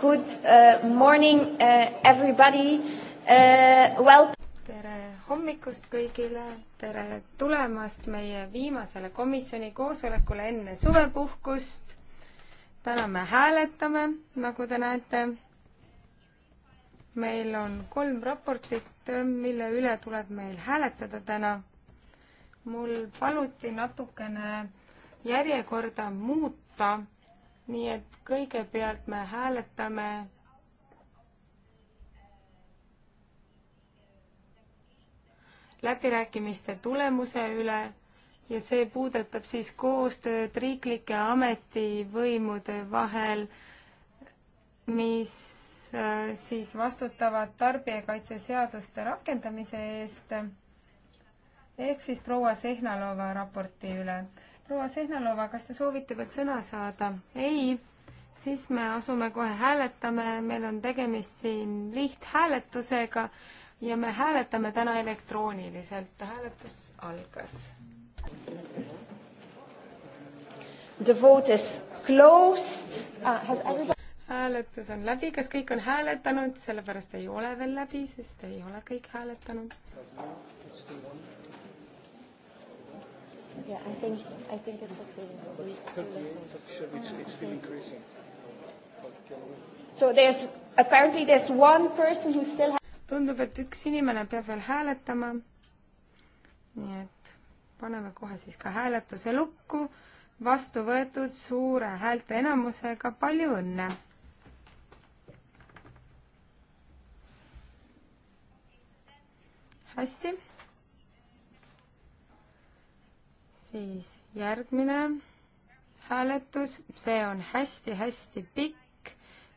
Good uh, morning uh, everybody uh,. Welcome. tere hommikust kõigile, tere tulemast meie viimasele komisjoni koosolekule enne suvepuhkust. täna me hääletame, nagu te näete. meil on kolm raportit, mille üle tuleb meil hääletada täna. mul paluti natukene järjekorda muuta nii et kõigepealt me hääletame läbirääkimiste tulemuse üle ja see puudutab siis koostööd riiklike ametivõimude vahel, mis äh, siis vastutavad tarbijakaitseseaduste rakendamise eest ehk siis proua Sehnalova raporti üle proua Sehnalova, kas te soovite veel sõna saada? ei? siis me asume kohe hääletame, meil on tegemist siin lihthääletusega ja me hääletame täna elektrooniliselt, hääletus algas. The vote is closed ah,. Everybody... hääletus on läbi, kas kõik on hääletanud, sellepärast ei ole veel läbi, sest ei ole kõik hääletanud. Yeah, I think I think it's okay. But 38, so it's, it's still increasing. So there's apparently there's one person who still tundub, et üks inimene peab veel hääletama. nii et paneme kohe siis ka hääletuse lukku. vastu võetud suure häälteenamusega, palju õnne. hästi siis järgmine hääletus, see on hästi-hästi pikk,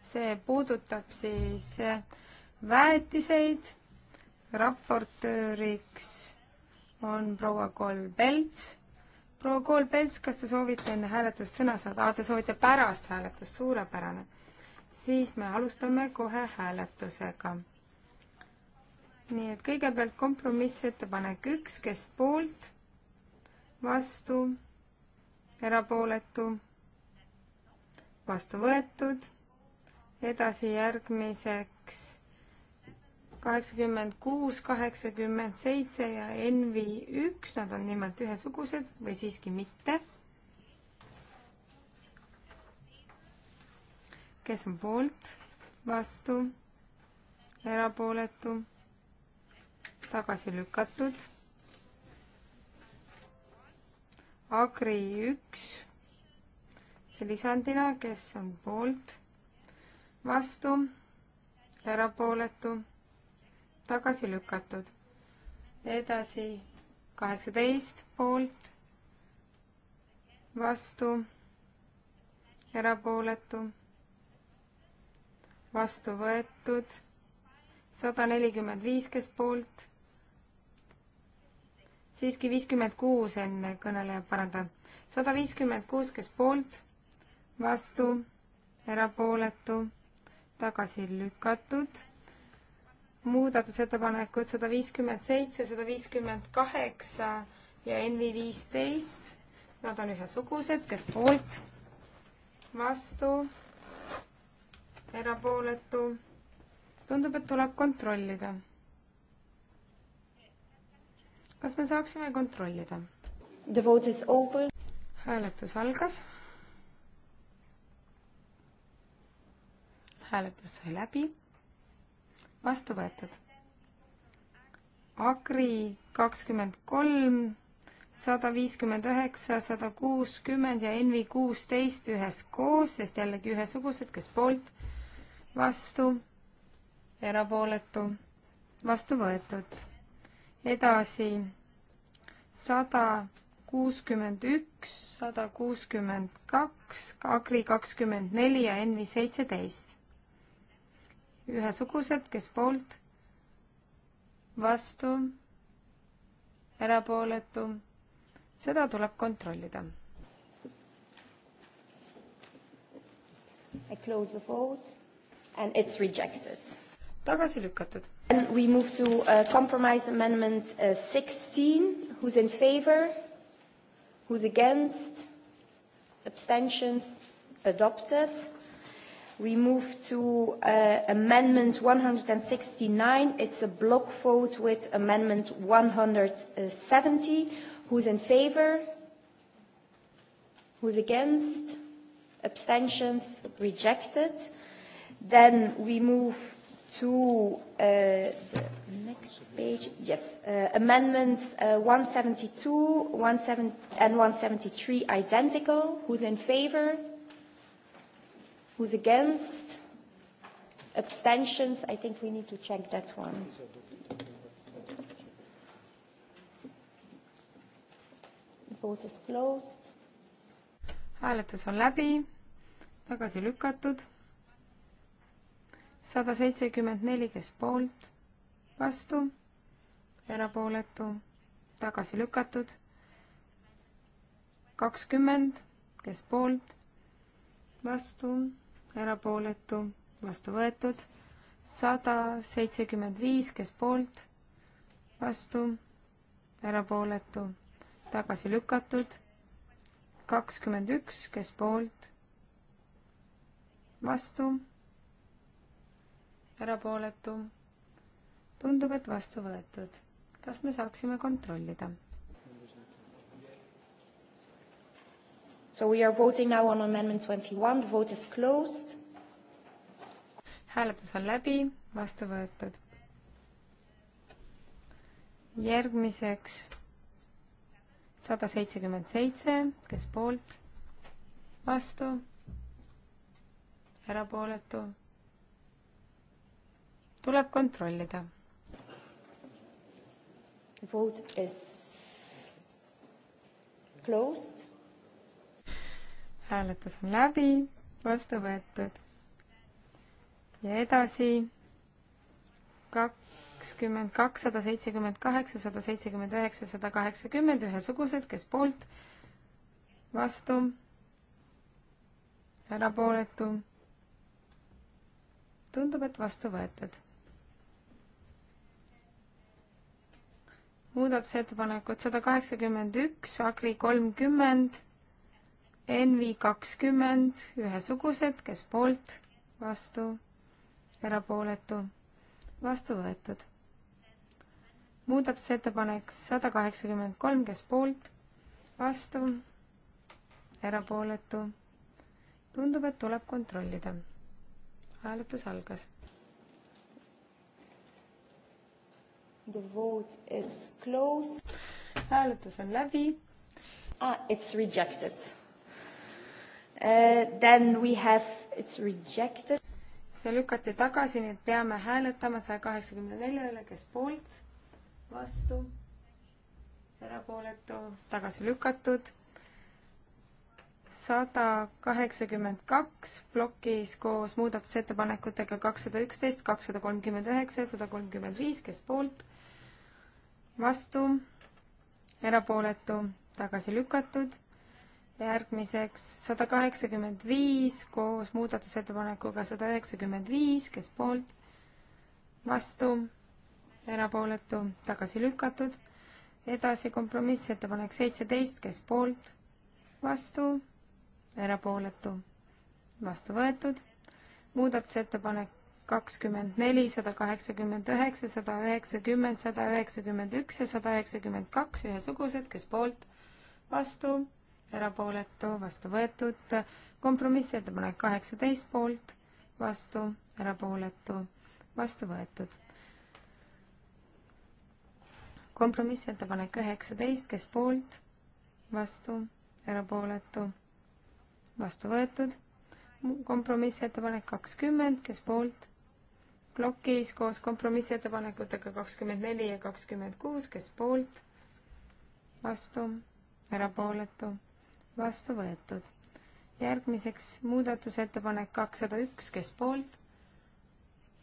see puudutab siis väetiseid, raportööriks on proua Kolbelts. proua Kolbelts, kas te soovite enne hääletust sõna saada? aa, te soovite pärast hääletust, suurepärane. siis me alustame kohe hääletusega. nii et kõigepealt kompromissettepanek üks, kes poolt vastu, erapooletu, vastu võetud. edasi järgmiseks kaheksakümmend kuus, kaheksakümmend seitse ja NV üks, nad on nimelt ühesugused või siiski mitte. kes on poolt, vastu, erapooletu, tagasi lükatud Agri üks, see lisandina, kes on poolt, vastu, erapooletu, tagasi lükatud. edasi kaheksateist poolt, vastu, erapooletu, vastu võetud, sada nelikümmend viis, kes poolt siiski viiskümmend kuus enne kõneleja parandab. sada viiskümmend kuus, kes poolt, vastu, erapooletu, tagasi lükatud. muudatusettepanekud sada viiskümmend seitse, sada viiskümmend kaheksa ja NV viisteist. Nad on ühesugused, kes poolt, vastu, erapooletu. tundub, et tuleb kontrollida kas me saaksime kontrollida? The vote is open. hääletus algas. hääletus sai läbi. vastu võetud. Agri kakskümmend kolm, sada viiskümmend üheksa, sada kuuskümmend ja Envi kuusteist üheskoos, sest jällegi ühesugused, kes poolt, vastu, erapooletu, vastu võetud edasi sada kuuskümmend üks, sada kuuskümmend kaks, Agri kakskümmend neli ja Envi seitseteist. ühesugused, kes poolt, vastu, erapooletu, seda tuleb kontrollida. I close the vote and it's rejected tagasi lükatud. We move to uh, compromise amendment uh, sixteen, who's in favor, who's against, abstentions adopted. We move to uh, amendment 169. It's a block vote with amendment 170. Who's in favor? Who's against? Abstentions? Rejected. Then we move to uh, the next page. Yes, uh, amendments uh, 172 17, and 173 identical. Who's in favor? Who's against? Abstentions? I think we need to check that one. Vote is closed. hääletus on läbi, tagasi lükatud sada seitsekümmend neli, kes poolt, vastu, erapooletu, tagasi lükatud, kakskümmend, kes poolt, vastu, erapooletu, vastu võetud, sada seitsekümmend viis, kes poolt, vastu, erapooletu, tagasi lükatud, kakskümmend üks, kes poolt, vastu erapooletu. tundub, et vastu võetud. kas me saaksime kontrollida? So we are voting now on amendment twenty one, the vote is closed. hääletus on läbi, vastu võetud. järgmiseks sada seitsekümmend seitse, kes poolt, vastu, erapooletu tuleb kontrollida. Vote is closed. hääletus on läbi, vastu võetud. ja edasi kakskümmend kaks, sada seitsekümmend kaheksa, sada seitsekümmend üheksa, sada kaheksakümmend, ühesugused, kes poolt, vastu, erapooletu. tundub, et vastu võetud muudatusettepanekud sada kaheksakümmend üks, Agri kolmkümmend, Envi kakskümmend, ühesugused, kes poolt, vastu, erapooletu, vastu võetud. muudatusettepanek sada kaheksakümmend kolm, kes poolt, vastu, erapooletu. tundub, et tuleb kontrollida. hääletus algas The vote is closed. hääletus on läbi ah,. It's rejected uh,. Then we have, it's rejected. see lükati tagasi, nii et peame hääletama saja kaheksakümne nelja üle, kes poolt, vastu, erapooletu, tagasi lükatud. sada kaheksakümmend kaks plokis koos muudatusettepanekutega kakssada üksteist, kakssada kolmkümmend üheksa ja sada kolmkümmend viis, kes poolt vastu, erapooletu, tagasi lükatud. järgmiseks sada kaheksakümmend viis koos muudatusettepanekuga sada üheksakümmend viis, kes poolt, vastu, erapooletu, tagasi lükatud. edasi kompromissettepanek seitseteist, kes poolt, vastu, erapooletu, vastu võetud. muudatusettepanek kakskümmend neli, sada kaheksakümmend üheksa, sada üheksakümmend, sada üheksakümmend üks ja sada üheksakümmend kaks ühesugused, kes poolt, vastu, erapooletu, vastu võetud, kompromissettepanek kaheksateist poolt, vastu, erapooletu, vastu võetud. kompromissettepanek üheksateist, kes poolt, vastu, erapooletu, vastu võetud kompromissettepanek kakskümmend, kes poolt, plokis koos kompromissettepanekutega kakskümmend neli ja kakskümmend kuus, kes poolt, vastu, erapooletu, vastu võetud. järgmiseks muudatusettepanek kakssada üks, kes poolt,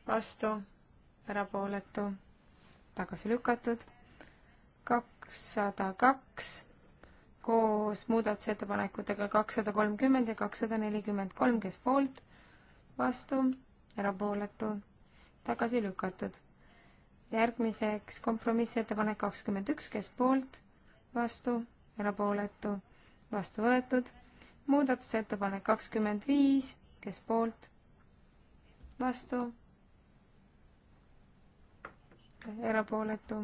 vastu, erapooletu, tagasi lükatud, kakssada kaks koos muudatusettepanekutega kakssada kolmkümmend ja kakssada nelikümmend kolm, kes poolt, vastu, erapooletu tagasi lükatud. järgmiseks kompromissettepanek kakskümmend üks, kes poolt, vastu, erapooletu, vastu võetud. muudatusettepanek kakskümmend viis, kes poolt, vastu, erapooletu.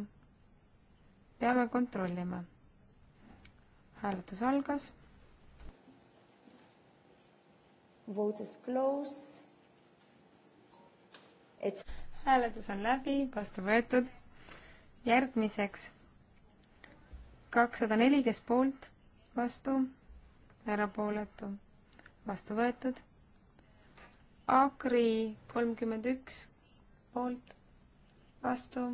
peame kontrollima. hääletus algas. Vote is closed et hääletus on läbi, vastu võetud. järgmiseks kakssada neli, kes poolt, vastu, erapooletu, vastu võetud. Agri kolmkümmend üks poolt, vastu.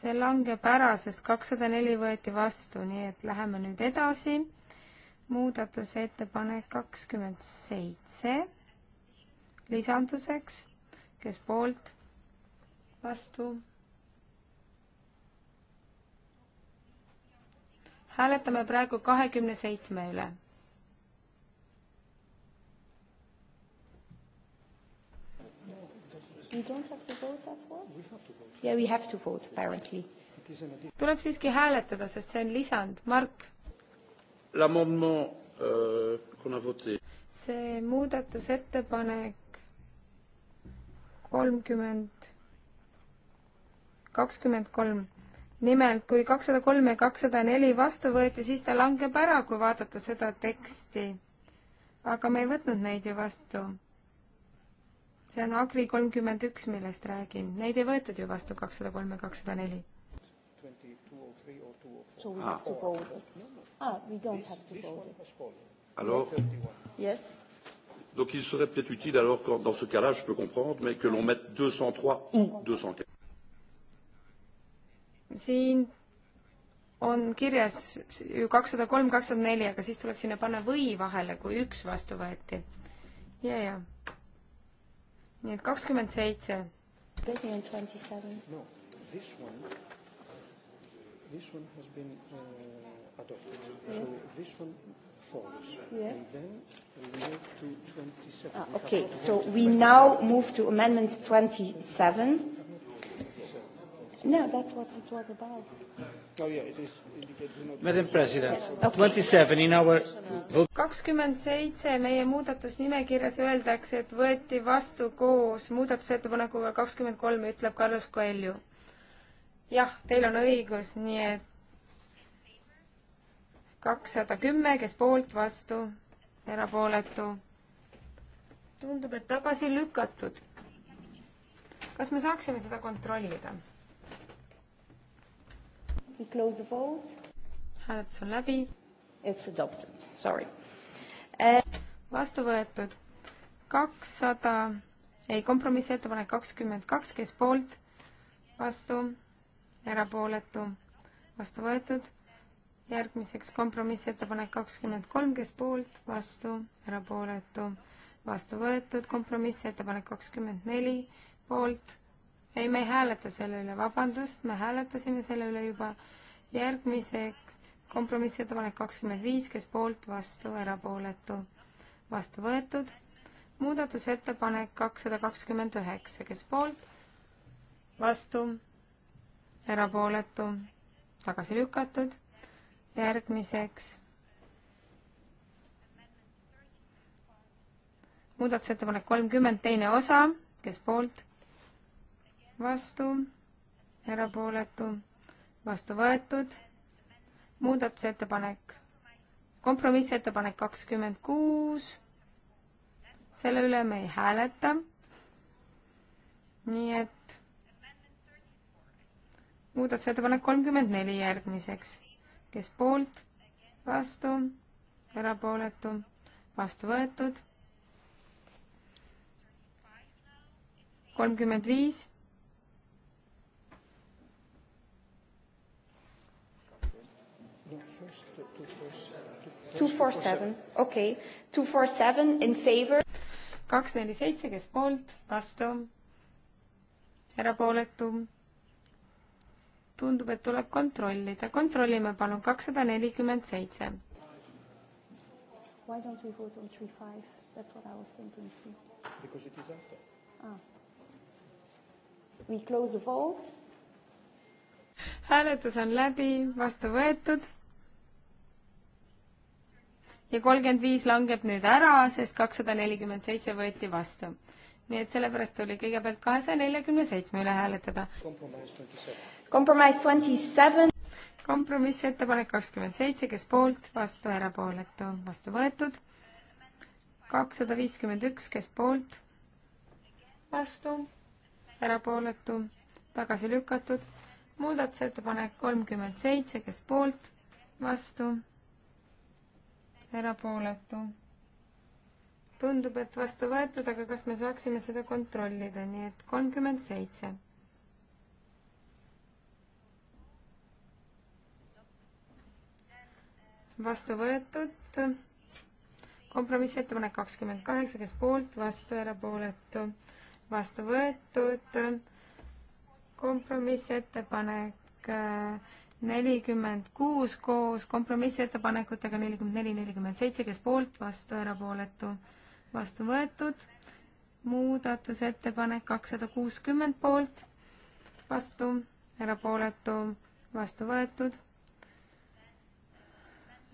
see langeb ära, sest kakssada neli võeti vastu, nii et läheme nüüd edasi. muudatusettepanek kakskümmend seitse lisanduseks, kes poolt, vastu. hääletame praegu kahekümne seitsme üle We don't have to vote as well? We have to vote. Yeah, we have to vote apparently. tuleb siiski hääletada, sest see on lisand. Mark? Euh, see muudatusettepanek kolmkümmend, kakskümmend kolm. nimelt, kui kakssada kolm ja kakssada neli vastu võeti, siis ta langeb ära, kui vaadata seda teksti. aga me ei võtnud neid ju vastu. see on Agri kolmkümmend üks, millest räägin. Neid ei võetud ju vastu, kakssada kolm ja kakssada neli. So we ah. have to ah. vote. Ah, we don't this, have to vote. Hello? Yes. Donc il serait peut-être utile, alors, quand, dans ce cas-là, je peux comprendre, mais que l'on mette 203 ou 204. siin on kirjas kakssada kolm, kakssada neli, aga siis tuleb sinna panna või vahele, kui üks vastu võeti. ja, ja. nii et kakskümmend seitse. This one, this one has been uh, adopted. Yes. So this one falls. Yes. And then we move to 27. Ah, okay, so we now move to Amendment 27. No, that's what it was about. Oh, yeah, it is not... Madam President, twenty-seven okay. in our kakskümmend seitse meie muudatusnimekirjas öeldakse, et võeti vastu koos muudatusettepanekuga kakskümmend kolm, ütleb Carlos Coelho. jah, teil on õigus, nii et kakssada kümme, kes poolt, vastu, erapooletu. tundub, et tagasi lükatud. kas me saaksime seda kontrollida? hääletus on läbi. It's adopted, sorry eh.... vastu võetud kakssada 200..., ei, kompromissettepanek kakskümmend kaks, kes poolt, vastu, erapooletu, vastu võetud järgmiseks kompromissettepanek kakskümmend kolm, kes poolt, vastu, erapooletu, vastu võetud, kompromissettepanek kakskümmend neli, poolt, ei, me ei hääleta selle üle, vabandust, me hääletasime selle üle juba, järgmiseks kompromissettepanek kakskümmend viis, kes poolt, vastu, erapooletu, vastu võetud, muudatusettepanek kakssada kakskümmend üheksa, kes poolt, vastu, erapooletu, tagasi lükatud järgmiseks muudatusettepanek kolmkümmend, teine osa, kes poolt, vastu, erapooletu, vastu võetud, muudatusettepanek, kompromissettepanek kakskümmend kuus, selle üle me ei hääleta, nii et muudatusettepanek kolmkümmend neli järgmiseks kes poolt, vastu, erapooletu, vastu võetud. kolmkümmend viis. Two four seven, okei okay., two four seven in favor. kaks, neli, seitse, kes poolt, vastu, erapooletu tundub, et tuleb kontrollida. kontrollime palun, kakssada nelikümmend seitse. Why don't we vote on three five? That's what I was thinking too. Because it is after. Ah. We close the vote. hääletus on läbi, vastu võetud. ja kolmkümmend viis langeb nüüd ära, sest kakssada nelikümmend seitse võeti vastu. nii et sellepärast tuli kõigepealt kahesaja neljakümne seitsme üle hääletada. kompromiss twenty seven kompromiss twenty-seven. kompromissettepanek kakskümmend seitse, kes poolt, vastu, erapooletu, vastu võetud. kakssada viiskümmend üks, kes poolt, vastu, erapooletu, tagasi lükatud. muudatusettepanek kolmkümmend seitse, kes poolt, vastu, erapooletu tundub, et vastu võetud, aga kas me saaksime seda kontrollida, nii et kolmkümmend seitse vastu võetud. kompromissettepanek kakskümmend kaheksa, kes poolt, vastu, erapooletu, vastu võetud. kompromissettepanek äh, nelikümmend kuus koos kompromissettepanekutega nelikümmend neli, nelikümmend seitse, kes poolt, vastu, erapooletu, vastu võetud. muudatusettepanek kakssada kuuskümmend poolt, vastu, erapooletu, vastu võetud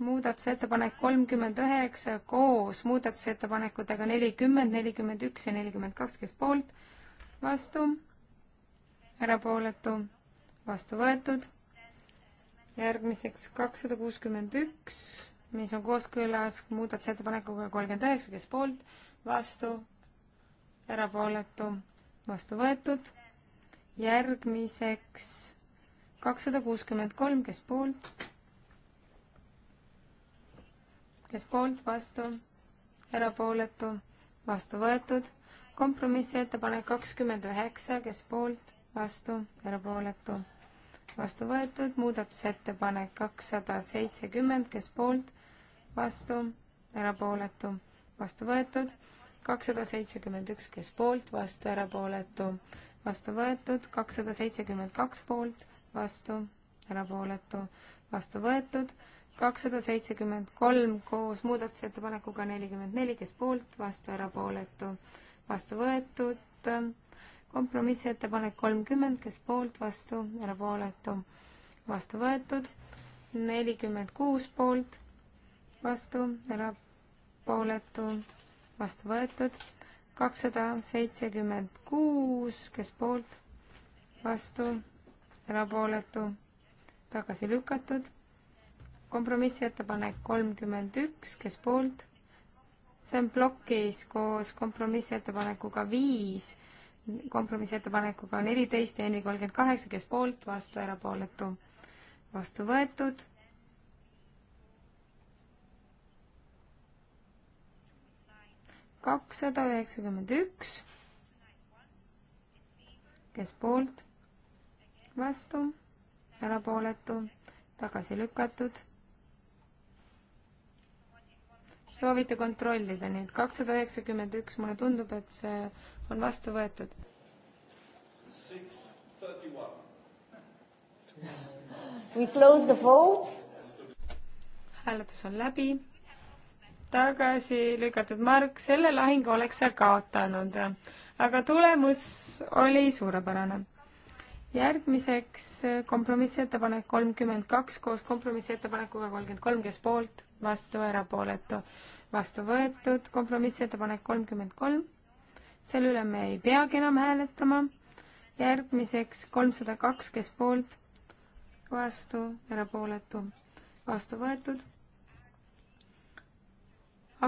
muudatusettepanek kolmkümmend üheksa koos muudatusettepanekutega nelikümmend, nelikümmend üks ja nelikümmend kaks, kes poolt, vastu, erapooletu, vastu võetud. järgmiseks kakssada kuuskümmend üks, mis on kooskõlas muudatusettepanekuga kolmkümmend üheksa, kes poolt, vastu, erapooletu, vastu võetud. järgmiseks kakssada kuuskümmend kolm, kes poolt kes poolt, vastu, erapooletu, vastu võetud. kompromissettepanek kakskümmend üheksa, kes poolt, vastu, erapooletu, vastu võetud. muudatusettepanek kakssada seitsekümmend, kes poolt, vastu, erapooletu, vastu võetud. kakssada seitsekümmend üks, kes poolt, vastu, erapooletu, vastu võetud. kakssada seitsekümmend kaks poolt, vastu, erapooletu, vastu võetud kakssada seitsekümmend kolm koos muudatusettepanekuga nelikümmend neli, kes poolt, vastu, erapooletu, vastu võetud. kompromissettepanek kolmkümmend, kes poolt, vastu, erapooletu, vastu võetud. nelikümmend kuus poolt, vastu, erapooletu, vastu võetud. kakssada seitsekümmend kuus, kes poolt, vastu, erapooletu, tagasi lükatud kompromissettepanek kolmkümmend üks, kes poolt? see on plokis koos kompromissettepanekuga viis, kompromissettepanekuga neliteist ja Envi kolmkümmend kaheksa, kes poolt, vastu, erapooletu, vastu võetud. kakssada üheksakümmend üks, kes poolt, vastu, erapooletu, tagasi lükatud soovite kontrollida, nii et kakssada üheksakümmend üks, mulle tundub, et see on vastu võetud. We close the vote. hääletus on läbi. tagasi lükatud Mark, selle lahingu oleks sa kaotanud, aga tulemus oli suurepärane järgmiseks äh, kompromissettepanek kolmkümmend kaks koos kompromissettepanekuga kolmkümmend kolm, kes poolt, vastu, erapooletu, vastu võetud, kompromissettepanek kolmkümmend kolm, selle üle me ei peagi enam hääletama, järgmiseks kolmsada kaks, kes poolt, vastu, erapooletu, vastu võetud,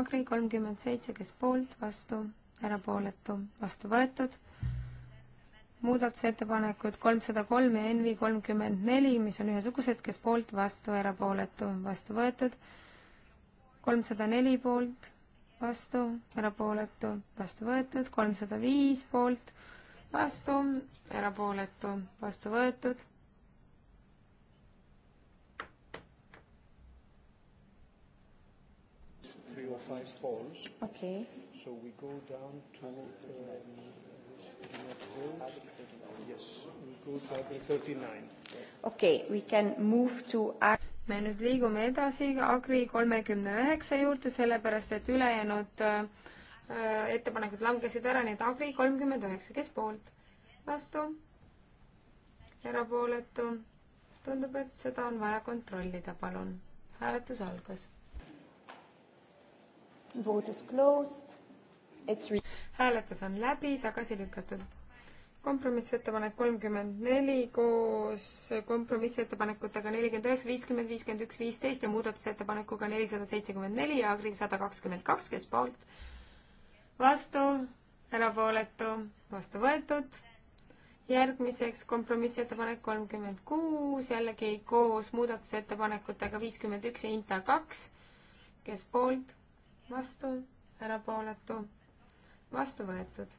Agri kolmkümmend seitse, kes poolt, vastu, erapooletu, vastu võetud muudatusettepanekud kolmsada kolm ja NV kolmkümmend neli, mis on ühesugused, kes poolt, vastu, erapooletu, vastu võetud. kolmsada neli poolt, vastu, erapooletu, vastu võetud, kolmsada viis poolt, vastu, erapooletu, vastu võetud. Three or five polls. Okay. So we go down to um, okei okay,, we can move to me nüüd liigume edasi Agri kolmekümne üheksa juurde, sellepärast et ülejäänud äh, ettepanekud langesid ära, nii et Agri kolmkümmend üheksa, kes poolt? vastu? erapooletu? tundub, et seda on vaja kontrollida, palun. hääletus algas. Vote is closed hääletus on läbi, tagasi lükatud. kompromissettepanek kolmkümmend neli koos kompromissettepanekutega nelikümmend üheksa, viiskümmend, viiskümmend üks, viisteist ja muudatusettepanekuga nelisada seitsekümmend neli ja Agri sada kakskümmend kaks, kes poolt, vastu, erapooletu, vastu võetud järgmiseks kompromissettepanek kolmkümmend kuus, jällegi koos muudatusettepanekutega viiskümmend üks ja Inta kaks, kes poolt, vastu, erapooletu, vastu võetud.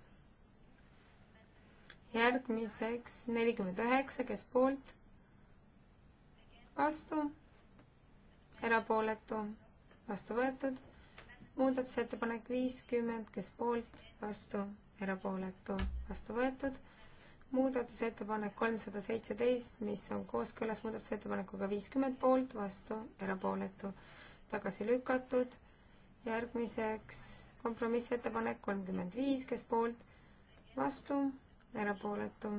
järgmiseks nelikümmend üheksa, kes poolt, vastu, erapooletu, vastu võetud. muudatusettepanek viiskümmend, kes poolt, vastu, erapooletu, vastu võetud muudatusettepanek kolmsada seitseteist, mis on kooskõlas muudatusettepanekuga viiskümmend poolt, vastu, erapooletu, tagasi lükatud. järgmiseks kompromissettepanek kolmkümmend viis, kes poolt, vastu, erapooletu.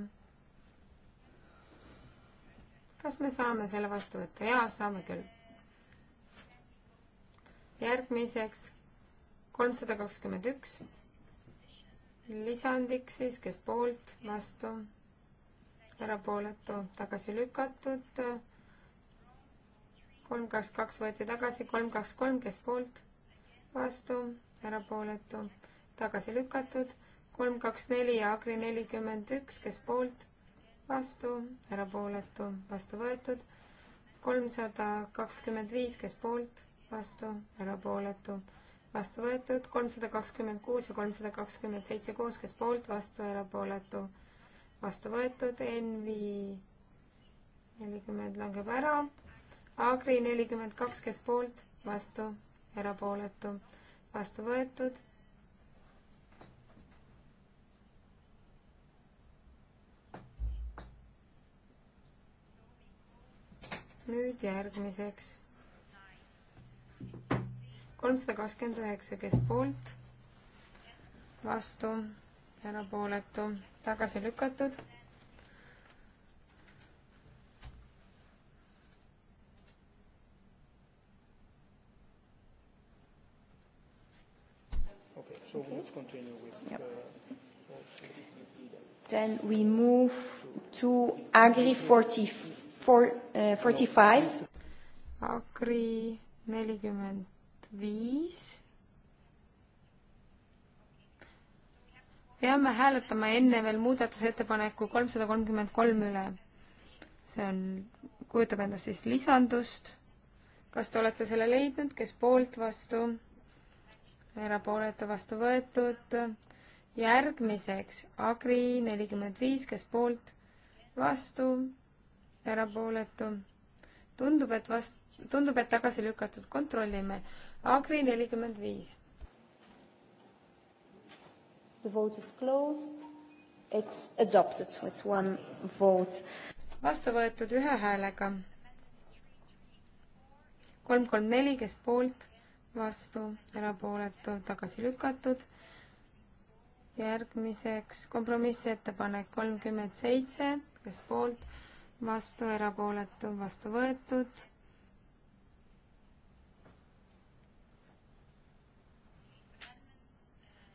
kas me saame selle vastu võtta? jaa, saame küll. järgmiseks kolmsada kakskümmend üks. lisandiks siis, kes poolt, vastu, erapooletu, tagasi lükatud kolm, kaks, kaks võeti tagasi, kolm, kaks, kolm, kes poolt, vastu, erapooletu, tagasi lükatud, kolm, kaks, neli ja Agri nelikümmend üks, kes poolt, vastu, erapooletu, vastu võetud, kolmsada kakskümmend viis, kes poolt, vastu, erapooletu, vastu võetud, kolmsada kakskümmend kuus ja kolmsada kakskümmend seitse koos, kes poolt, vastu, erapooletu, vastu võetud, Envi nelikümmend langeb ära, Agri nelikümmend kaks, kes poolt, vastu, erapooletu vastu võetud. nüüd järgmiseks kolmsada kakskümmend üheksa, kes poolt, vastu, erapooletu, tagasi lükatud let's continue with. Yep. Uh, then we move to Agri 40, for, uh, 45. Agri 45. peame hääletama enne veel muudatusettepaneku kolmsada kolmkümmend kolm üle. see on, kujutab endast siis lisandust. kas te olete selle leidnud, kes poolt, vastu? erapooletu vastu võetud. järgmiseks Agri nelikümmend viis, kes poolt, vastu, erapooletu. tundub, et vast-, tundub, et tagasi lükatud, kontrollime. Agri nelikümmend viis. The vote is closed. It's adopted, so it's one vote. vastu võetud ühe häälega. kolm, kolm, neli, kes poolt vastu, erapooletu, tagasi lükatud. järgmiseks kompromissettepanek kolmkümmend seitse, kes poolt, vastu, erapooletu, vastu võetud.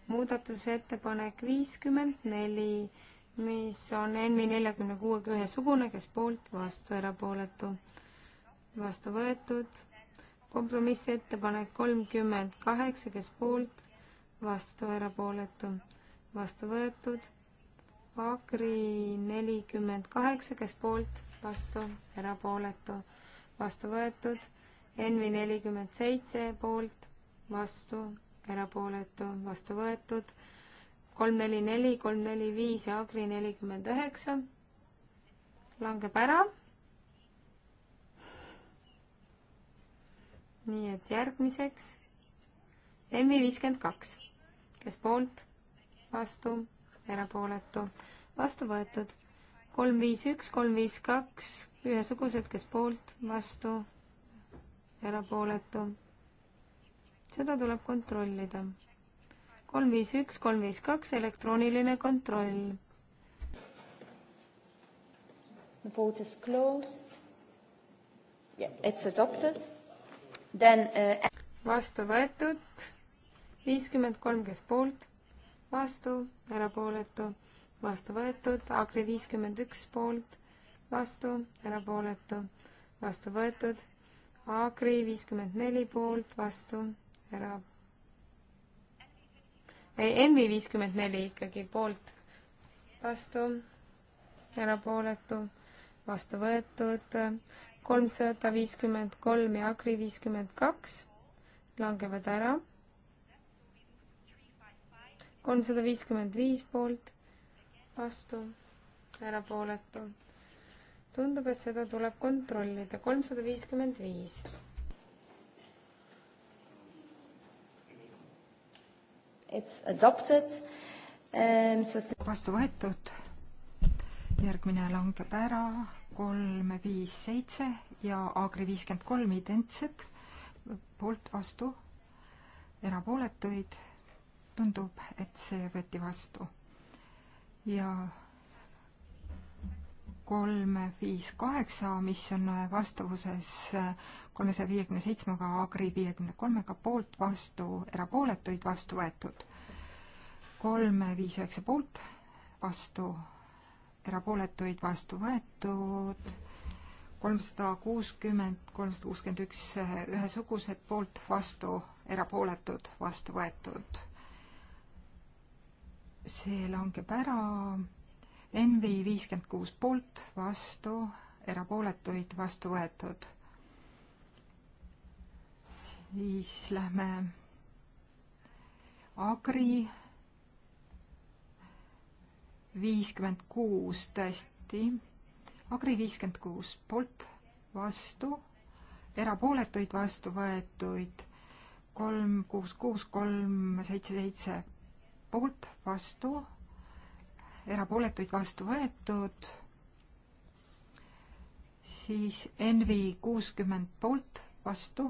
muudatusettepanek viiskümmend neli, mis on NMI neljakümne kuuega ühesugune, kes poolt, vastu, erapooletu, vastu võetud kompromissettepanek kolmkümmend kaheksa, kes poolt, vastu, erapooletu, vastu võetud. Agri nelikümmend kaheksa, kes poolt, vastu, erapooletu, vastu võetud. Envi nelikümmend seitse poolt, vastu, erapooletu, vastu võetud. kolm, neli, neli, kolm, neli, viis ja Agri nelikümmend üheksa langeb ära nii et järgmiseks M-i viiskümmend kaks, kes poolt, vastu, erapooletu, vastu võetud. kolm, viis, üks, kolm, viis, kaks, ühesugused, kes poolt, vastu, erapooletu. seda tuleb kontrollida. kolm, viis, üks, kolm, viis, kaks, elektrooniline kontroll. The vote is closed. Yeah, it's adopted then uh, vastu võetud, viiskümmend kolm, kes poolt, vastu, erapooletu, vastu võetud, Agri viiskümmend üks poolt, vastu, erapooletu, vastu võetud, Agri viiskümmend neli poolt, vastu, era-, ei, Envi viiskümmend neli ikkagi poolt, vastu, erapooletu, vastu võetud, kolmsada viiskümmend kolm ja Agri viiskümmend kaks langevad ära. kolmsada viiskümmend viis poolt, vastu, erapooletu. tundub, et seda tuleb kontrollida. kolmsada viiskümmend viis. It's adopted um,. So... vastu võetud. järgmine langeb ära kolm, viis, seitse ja Agri viiskümmend kolm identsed, poolt, vastu, erapooletuid. tundub, et see võeti vastu. ja kolm, viis, kaheksa, mis on vastavuses kolmesaja viiekümne seitsmega, Agri viiekümne kolmega, poolt, vastu, erapooletuid, vastu võetud. kolm, viis, üheksa poolt, vastu erapooletuid vastu võetud, kolmsada kuuskümmend, kolmsada kuuskümmend üks eh, ühesugused, poolt, vastu, erapooletud, vastu võetud. see langeb ära. NV viiskümmend kuus poolt, vastu, erapooletuid, vastu võetud. siis lähme Agri viiskümmend kuus tõesti, Agri viiskümmend kuus, poolt, vastu, erapooletuid, vastu võetuid kolm, kuus, kuus, kolm, seitse, seitse, poolt, vastu, erapooletuid vastu võetud, siis Envi kuuskümmend poolt, vastu,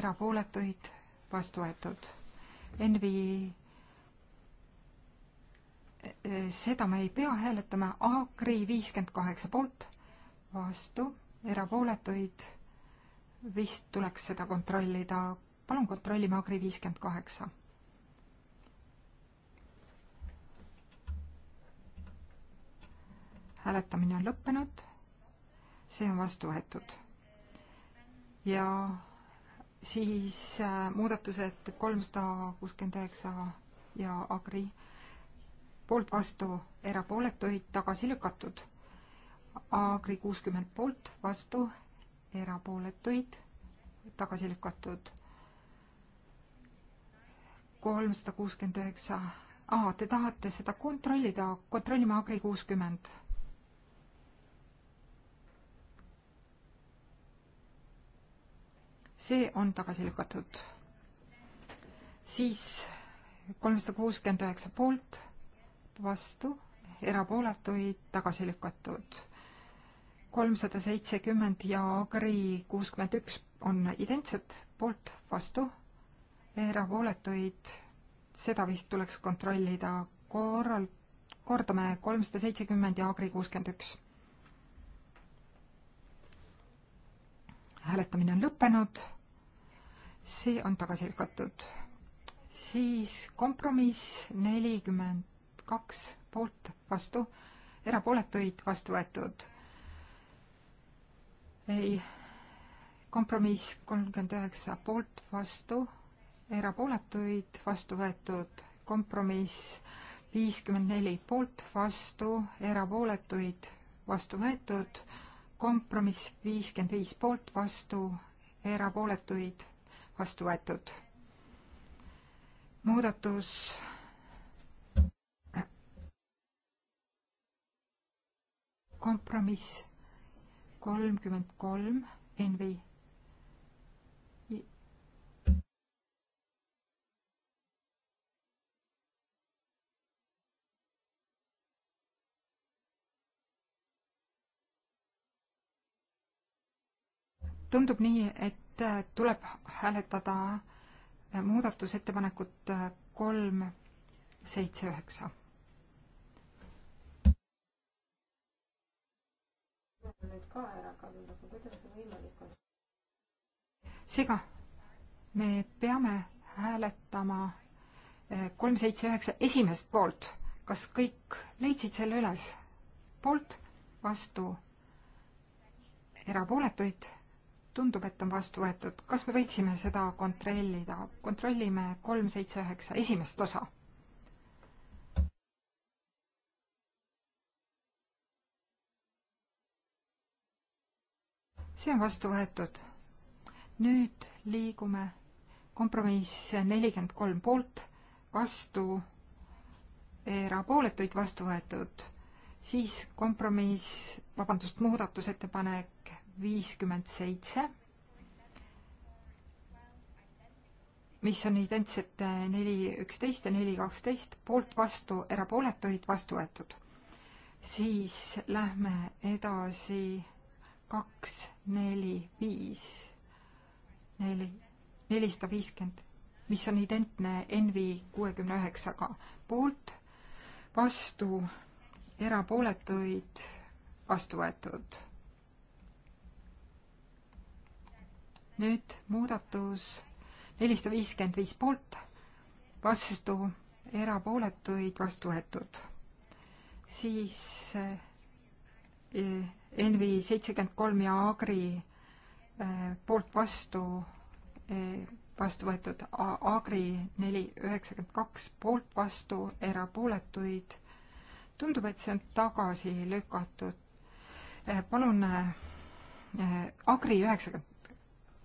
erapooletuid vastu võetud. Envi seda me ei pea hääletama, Agri viiskümmend kaheksa poolt, vastu, erapooletuid, vist tuleks seda kontrollida, palun kontrollime Agri viiskümmend kaheksa. hääletamine on lõppenud, see on vastu võetud. ja siis äh, muudatused kolmsada kuuskümmend üheksa ja Agri kakssada poolt, vastu, erapooletuid tagasi lükatud. Agri kuuskümmend poolt, vastu, erapooletuid tagasi lükatud. kolmsada kuuskümmend üheksa. aa, te tahate seda kontrollida, kontrollime Agri kuuskümmend see on tagasi lükatud. siis kolmsada kuuskümmend üheksa poolt, vastu, erapooletuid tagasi lükatud. kolmsada seitsekümmend ja Agri kuuskümmend üks on identsed, poolt, vastu, erapooletuid, seda vist tuleks kontrollida korral, kordame kolmsada seitsekümmend ja Agri kuuskümmend üks. hääletamine on lõppenud, see on tagasi lükatud. siis kompromiss nelikümmend kaks poolt, vastu, erapooletuid vastu võetud. ei, kompromiss kolmkümmend üheksa poolt, vastu, erapooletuid vastu võetud, kompromiss viiskümmend neli poolt, vastu, erapooletuid vastu võetud, kompromiss viiskümmend viis poolt, vastu, erapooletuid vastu võetud. muudatus kompromiss kolmkümmend kolm NV. tundub nii, et äh, tuleb hääletada äh, muudatusettepanekut äh, kolm, seitse, üheksa nüüd ka ära kadunud, aga kuidas see võimalik on? seega me peame hääletama eh, kolm, seitse, üheksa esimest poolt. kas kõik leidsid selle üles? poolt, vastu, erapooletuid? tundub, et on vastu võetud. kas me võiksime seda kontrollida? kontrollime kolm, seitse, üheksa esimest osa see on vastu võetud. nüüd liigume kompromiss nelikümmend kolm poolt, vastu, erapooletuid vastu võetud, siis kompromiss, vabandust, muudatusettepanek viiskümmend seitse, mis on identsed neli üksteist ja neli kaksteist, poolt vastu, erapooletuid vastu võetud. siis lähme edasi kaks, neli, viis, neli, nelisada viiskümmend, mis on identne NV kuuekümne üheksaga. poolt, vastu, erapooletuid, vastu võetud. nüüd muudatus nelisada viiskümmend viis poolt, vastu, erapooletuid, vastu võetud. siis eh, Envi seitsekümmend kolm ja Agri eh, poolt vastu, eh, vastu võetud Agri neli üheksakümmend kaks poolt vastu, erapooletuid. tundub, et see on tagasi lükatud. Eh, palun Agri üheksakümmend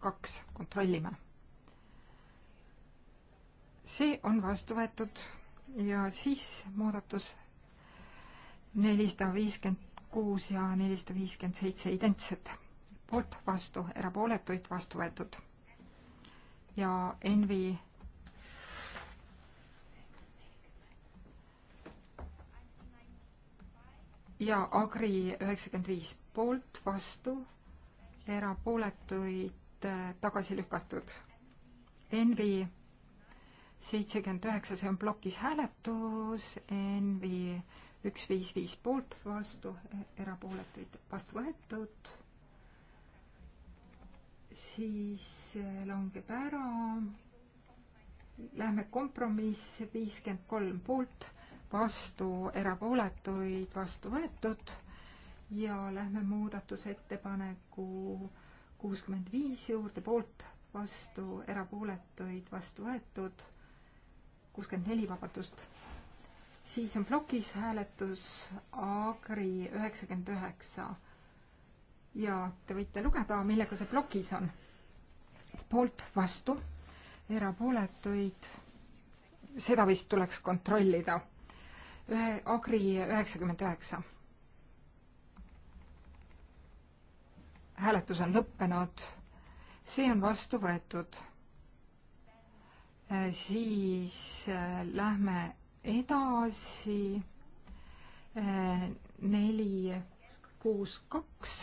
kaks kontrollime. see on vastu võetud ja siis muudatus nelisada viiskümmend kuus ja nelisada viiskümmend seitse identsed. poolt, vastu, erapooletuid, vastu võetud. ja Envi ja Agri üheksakümmend viis poolt, vastu, erapooletuid äh, tagasi lükatud. Envi seitsekümmend üheksa, see on plokis hääletus, Envi üks viis viis poolt, vastu, erapooletuid vastu võetud. siis eh, langeb ära. Läheme kompromiss viiskümmend kolm poolt, vastu, erapooletuid vastu võetud ja lähme muudatusettepaneku kuuskümmend viis juurde, poolt, vastu, erapooletuid vastu võetud, kuuskümmend neli, vabandust siis on plokis hääletus Agri üheksakümmend üheksa. ja te võite lugeda, millega see plokis on. poolt, vastu, erapooletuid, seda vist tuleks kontrollida. ühe, Agri üheksakümmend üheksa. hääletus on lõppenud, see on vastu võetud siis äh, lähme edasi eh, neli, kuus, kaks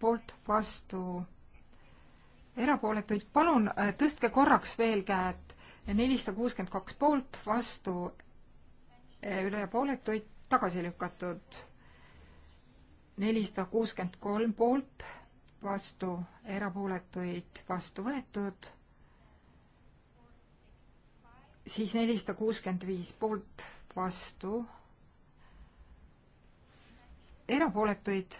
poolt vastu erapooletuid. palun eh, tõstke korraks veel käed. nelisada kuuskümmend kaks poolt vastu eh, erapooletuid tagasi lükatud. nelisada kuuskümmend kolm poolt vastu erapooletuid vastu võetud siis nelisada kuuskümmend viis poolt, vastu, erapooletuid,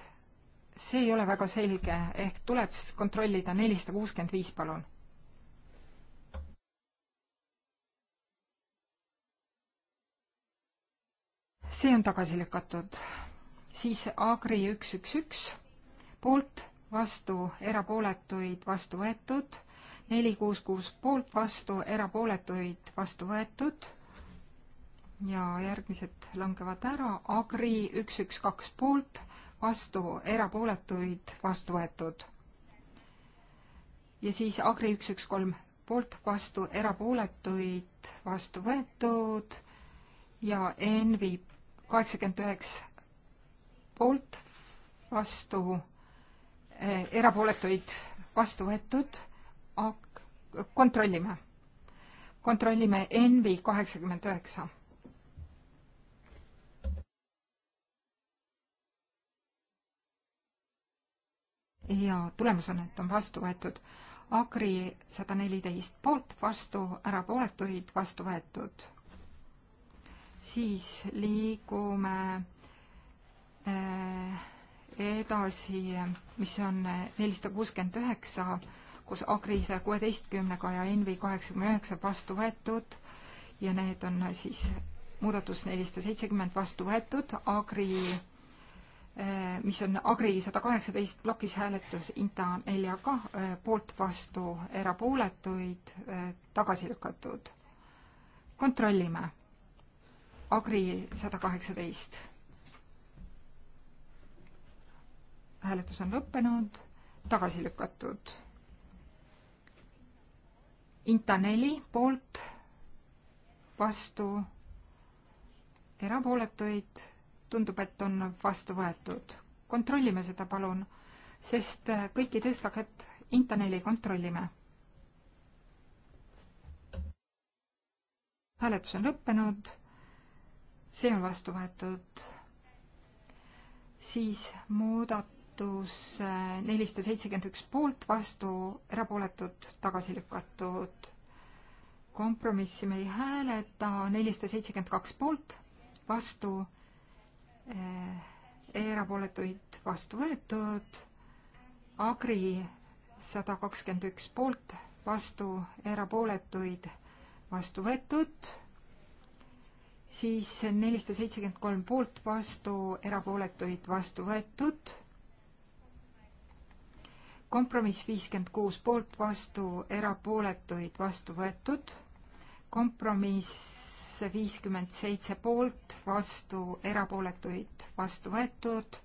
see ei ole väga selge, ehk tuleb kontrollida nelisada kuuskümmend viis, palun. see on tagasi lükatud. siis Agri üks, üks, üks, poolt, vastu, erapooletuid, vastu võetud neli kuus kuus poolt vastu, erapooletuid vastu võetud ja järgmised langevad ära, Agri üks üks kaks poolt vastu, erapooletuid vastu võetud. ja siis Agri üks üks kolm poolt vastu, erapooletuid vastu võetud ja Envi kaheksakümmend üheksa poolt vastu, eh, erapooletuid vastu võetud kontrollime, kontrollime NV kaheksakümmend üheksa. ja tulemus on, et on vastu võetud Agri sada neliteist poolt, vastu erapooletuid, vastu võetud. siis liigume eh, edasi, mis on eh, nelisada kuuskümmend üheksa kus Agri saja kuueteistkümnega ja Envi kaheksakümne üheksa vastu võetud ja need on siis muudatus nelisada seitsekümmend vastu võetud, Agri, eh, mis on Agri sada kaheksateist plokis hääletus Inta neljaga, eh, poolt vastu erapooletuid, eh, tagasi lükatud. kontrollime. Agri sada kaheksateist. hääletus on lõppenud, tagasi lükatud Inta neli poolt, vastu, erapooletuid, tundub, et on vastu võetud. kontrollime seda, palun, sest kõiki tõstlaket Inta neli kontrollime. hääletus on lõppenud, see on vastu võetud, siis muudat-, muudatus äh, nelisada seitsekümmend üks poolt, vastu, erapooletud, tagasi lükatud. kompromissi me ei hääleta, nelisada seitsekümmend kaks poolt, vastu, äh, erapooletuid vastu võetud. Agri sada kakskümmend üks poolt, vastu, erapooletuid vastu võetud siis nelisada seitsekümmend kolm poolt, vastu, erapooletuid vastu võetud kompromiss viiskümmend kuus poolt, vastu, erapooletuid, vastu võetud. kompromiss viiskümmend seitse poolt, vastu, erapooletuid, vastu võetud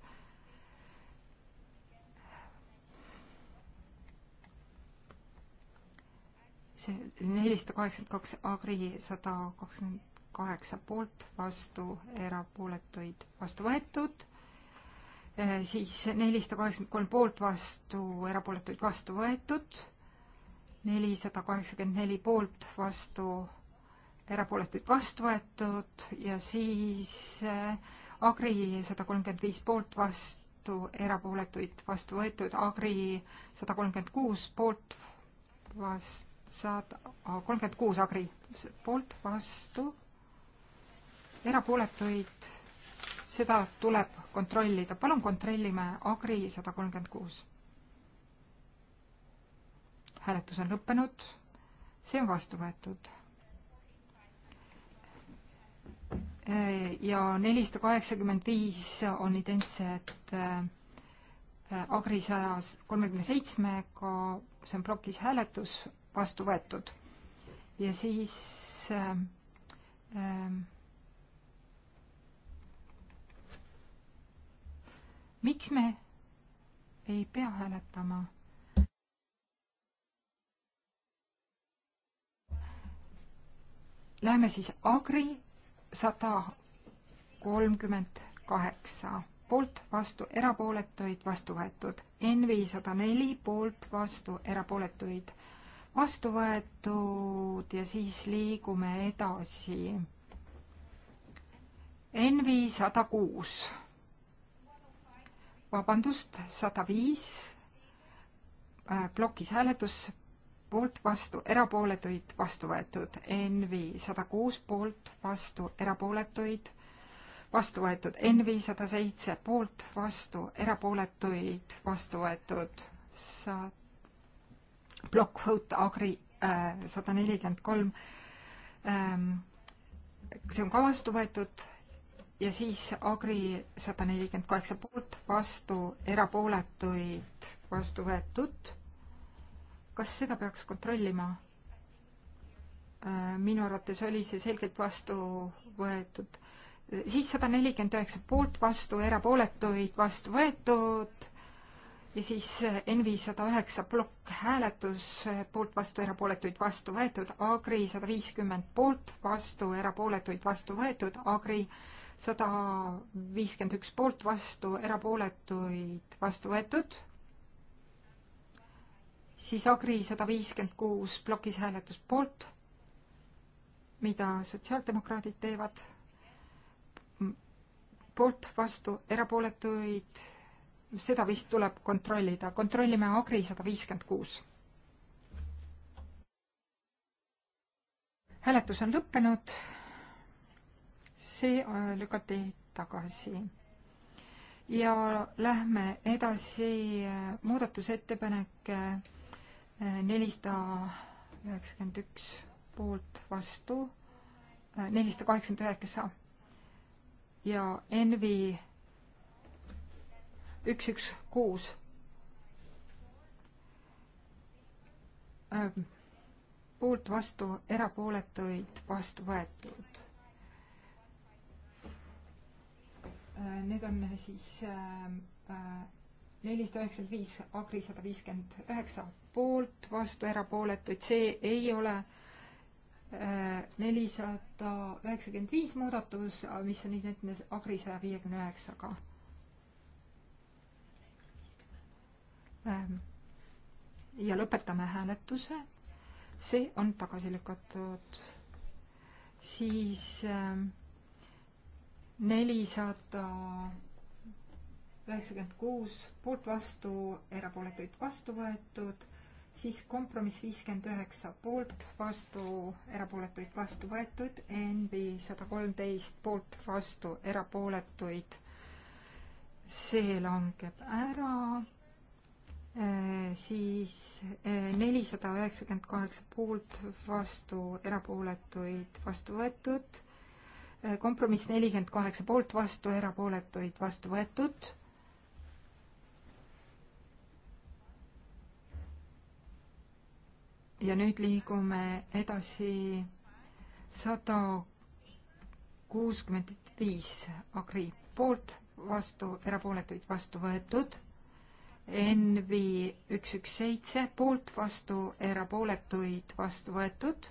see nelisada kaheksakümmend kaks, Agri sada kakskümmend kaheksa poolt, vastu erapooletuid vastu võetud, Äh, siis nelisada kaheksakümmend kolm poolt vastu, erapooletuid vastu võetud, nelisada kaheksakümmend neli poolt vastu, erapooletuid vastu võetud ja siis äh, Agri sada kolmkümmend viis poolt vastu, erapooletuid vastu võetud, Agri sada kolmkümmend kuus poolt vastu, sada kolmkümmend kuus Agri poolt vastu, erapooletuid seda tuleb kontrollida. palun kontrollime Agri sada kolmkümmend kuus. hääletus on lõppenud, see on vastu võetud. ja nelisada kaheksakümmend viis on identsed äh, Agri saja kolmekümne seitsmega, see on plokis hääletus, vastu võetud. ja siis ähm, ähm, miks me ei pea hääletama? Läheme siis Agri sada kolmkümmend kaheksa, poolt, vastu, erapooletuid, vastu võetud. NV sada neli, poolt, vastu, erapooletuid, vastu võetud ja siis liigume edasi. NV sada kuus vabandust, sada viis äh, plokis hääletus, poolt vastu, erapooletuid vastu võetud, NV sada kuus poolt vastu, erapooletuid vastu võetud, NV sada seitse poolt vastu, erapooletuid vastu võetud, sa-, plokk Vote Agri äh, sada nelikümmend kolm, ähm, see on ka vastu võetud ja siis Agri sada nelikümmend kaheksa poolt, vastu erapooletuid, vastu võetud. kas seda peaks kontrollima? Äh, minu arvates oli see selgelt vastu võetud. Äh, siis sada nelikümmend üheksa poolt, vastu erapooletuid, vastu võetud ja siis eh, NV sada üheksa plokkhääletus, eh, poolt, vastu, erapooletuid, vastu võetud, Agri sada viiskümmend poolt, vastu, erapooletuid, vastu võetud, Agri sada viiskümmend üks poolt, vastu, erapooletuid, vastu võetud, siis Agri sada viiskümmend kuus plokis hääletus poolt, mida sotsiaaldemokraadid teevad, poolt, vastu, erapooletuid seda vist tuleb kontrollida. kontrollime Agri sada viiskümmend kuus. hääletus on lõppenud. see äh, lükati tagasi. ja lähme edasi äh, muudatusettepanek äh, nelisada üheksakümmend üks poolt vastu, nelisada kaheksakümmend üheksa ja Envi 489 üks, üks, kuus. Ähm, poolt vastu, erapooletuid vastu võetud. Äh, need on siis ähm, äh, nelisada üheksakümmend viis, Agri sada viiskümmend üheksa, poolt vastu, erapooletuid, see ei ole äh, nelisada üheksakümmend viis muudatus, mis on identne Agri saja viiekümne üheksaga Ehm, ja lõpetame hääletuse. see on tagasi lükatud. siis ehm, nelisada üheksakümmend kuus poolt vastu, erapooletuid vastu võetud, siis kompromiss viiskümmend üheksa poolt vastu, erapooletuid vastu võetud, NB sada kolmteist poolt vastu, erapooletuid see langeb ära Äh, siis äh, nelisada üheksakümmend kaheksa poolt, vastu, erapooletuid, vastu võetud. Äh, kompromiss nelikümmend kaheksa poolt, vastu, erapooletuid, vastu võetud. ja nüüd liigume edasi sada kuuskümmend viis agri poolt, vastu, erapooletuid, vastu võetud NV üks, üks, seitse poolt, vastu, erapooletuid, vastu võetud.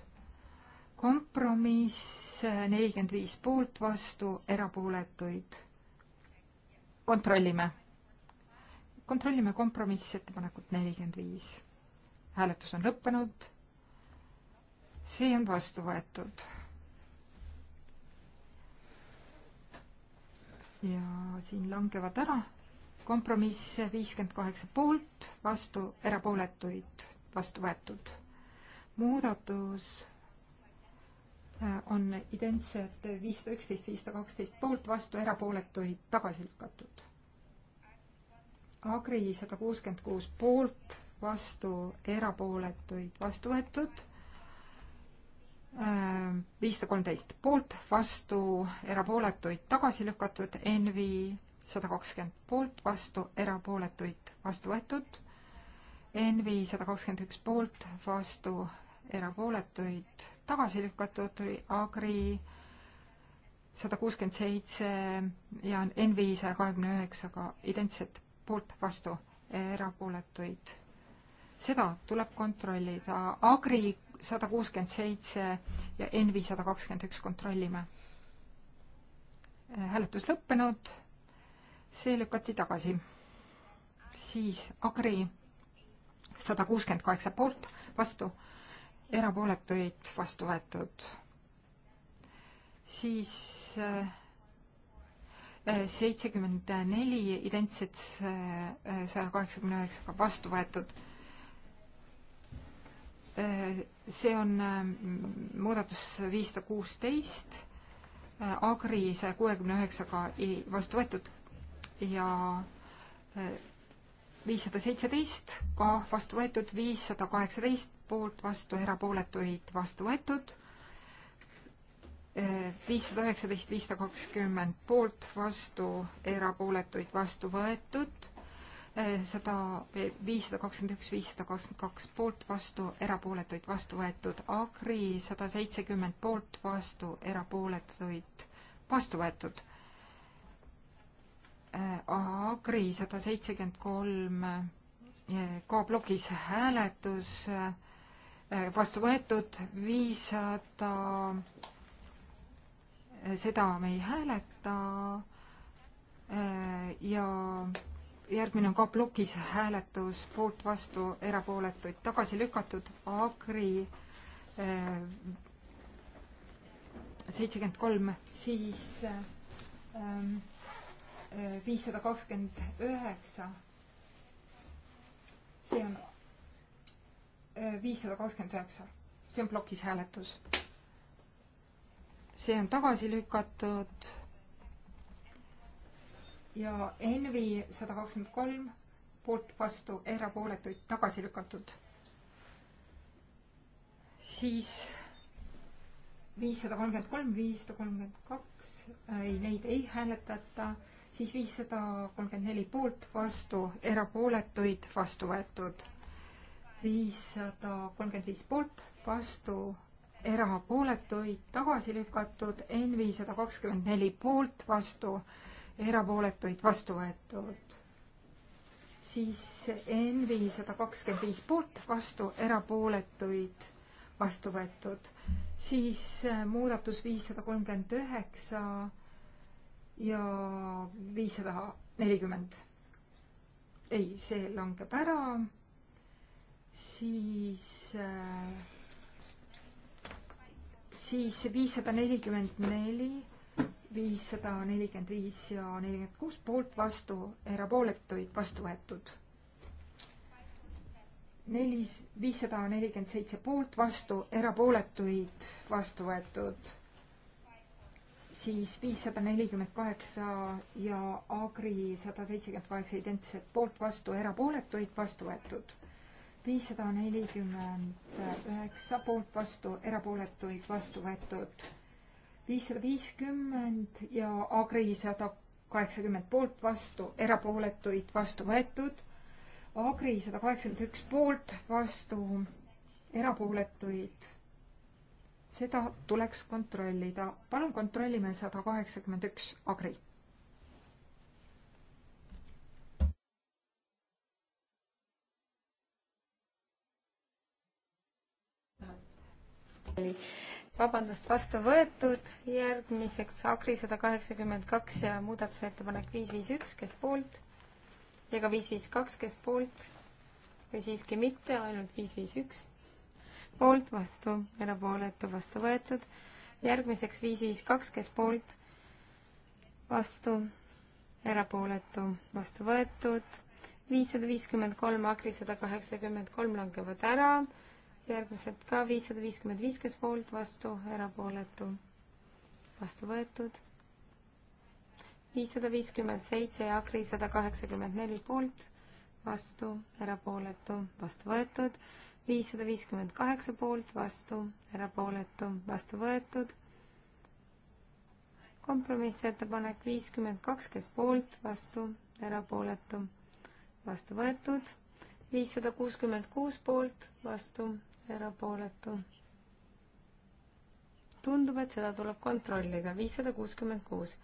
kompromiss nelikümmend viis poolt, vastu, erapooletuid. kontrollime. kontrollime kompromissettepanekut nelikümmend viis. hääletus on lõppenud. see on vastu võetud. ja siin langevad ära kompromiss viiskümmend kaheksa poolt, vastu erapooletuid, vastu võetud. muudatus äh, on identsed viissada üksteist, viissada kaksteist poolt, vastu erapooletuid tagasi lükatud. Agri sada kuuskümmend kuus poolt, vastu erapooletuid vastu võetud äh, viissada kolmteist poolt, vastu erapooletuid tagasi lükatud, NV sada kakskümmend poolt, vastu, erapooletuid, vastu võetud. NV sada kakskümmend üks poolt, vastu, erapooletuid, tagasi lükatud, oli Agri sada kuuskümmend seitse ja NV saja kahekümne üheksaga identsed poolt, vastu, erapooletuid. seda tuleb kontrollida. Agri sada kuuskümmend seitse ja NV sada kakskümmend üks kontrollime. hääletus lõppenud see lükati tagasi. siis Agri sada kuuskümmend kaheksa poolt, vastu, erapooletuid vastu võetud. siis eh, eh, seitsekümmend neli identsed eh, saja kaheksakümne üheksaga vastu võetud. see on mm, muudatus viissada kuusteist, Agri saja kuuekümne üheksaga vastu võetud ja äh, viissada seitseteist ka vastu võetud, viissada kaheksateist poolt vastu, erapooletuid vastu võetud, äh, viissada üheksateist, viissada kakskümmend poolt vastu, erapooletuid vastu võetud, äh, sada, viissada kakskümmend üks, viissada kakskümmend kaks poolt vastu, erapooletuid vastu võetud, Agri sada seitsekümmend poolt vastu, erapooletuid vastu võetud Agri sada seitsekümmend kolm eh, K-plokis hääletus eh, vastu võetud, viissada, eh, seda me ei hääleta ja järgmine on K-plokis hääletus poolt vastu, erapooletuid tagasi lükatud, Agri seitsekümmend kolm, siis ähm, viissada kakskümmend üheksa. see on äh, viissada kakskümmend üheksa, see on plokis hääletus. see on tagasi lükatud. ja Envi sada kakskümmend kolm poolt vastu, erapooletuid tagasi lükatud. siis viissada kolmkümmend kolm, viissada kolmkümmend kaks, ei, neid ei hääletata siis viissada kolmkümmend neli poolt, vastu, erapooletuid, vastu võetud. viissada kolmkümmend viis poolt, vastu, erapooletuid, tagasi lükatud, N viissada kakskümmend neli poolt, vastu, erapooletuid, vastu võetud. siis N viissada kakskümmend viis poolt, vastu, erapooletuid, vastu võetud. siis äh, muudatus viissada kolmkümmend üheksa ja viissada nelikümmend. ei, see langeb ära. siis äh, siis viissada nelikümmend neli, viissada nelikümmend viis ja nelikümmend kuus poolt vastu, erapooletuid vastu võetud. neli, viissada nelikümmend seitse poolt vastu, erapooletuid vastu võetud siis viissada nelikümmend kaheksa ja Agri sada seitsekümmend kaheksa identsed poolt vastu, erapooletuid vastu võetud. viissada nelikümmend üheksa poolt vastu, erapooletuid vastu võetud. viissada viiskümmend ja Agri sada kaheksakümmend poolt vastu, erapooletuid vastu võetud. Agri sada kaheksakümmend üks poolt vastu, erapooletuid seda tuleks kontrollida. palun kontrollime sada kaheksakümmend üks agri. vabandust, vastu võetud, järgmiseks Agri sada kaheksakümmend kaks ja muudatusettepanek viis viis üks, kes poolt, ja ka viis viis kaks, kes poolt, või siiski mitte, ainult viis viis üks poolt, vastu, erapooletu, vastu võetud. järgmiseks viis, viis, kaks, kes poolt, vastu, erapooletu, vastu võetud. viissada viiskümmend kolm, Agri sada kaheksakümmend kolm langevad ära. järgmised ka viissada viiskümmend viis, kes poolt, vastu, erapooletu, vastu võetud viissada viiskümmend seitse ja Agri sada kaheksakümmend neli poolt, vastu, erapooletu, vastu võetud, viissada viiskümmend kaheksa poolt, vastu, erapooletu, vastu võetud. kompromissettepanek viiskümmend kaks, kes poolt, vastu, erapooletu, vastu võetud. viissada kuuskümmend kuus poolt, vastu, erapooletu. tundub, et seda tuleb kontrollida, viissada kuuskümmend kuus.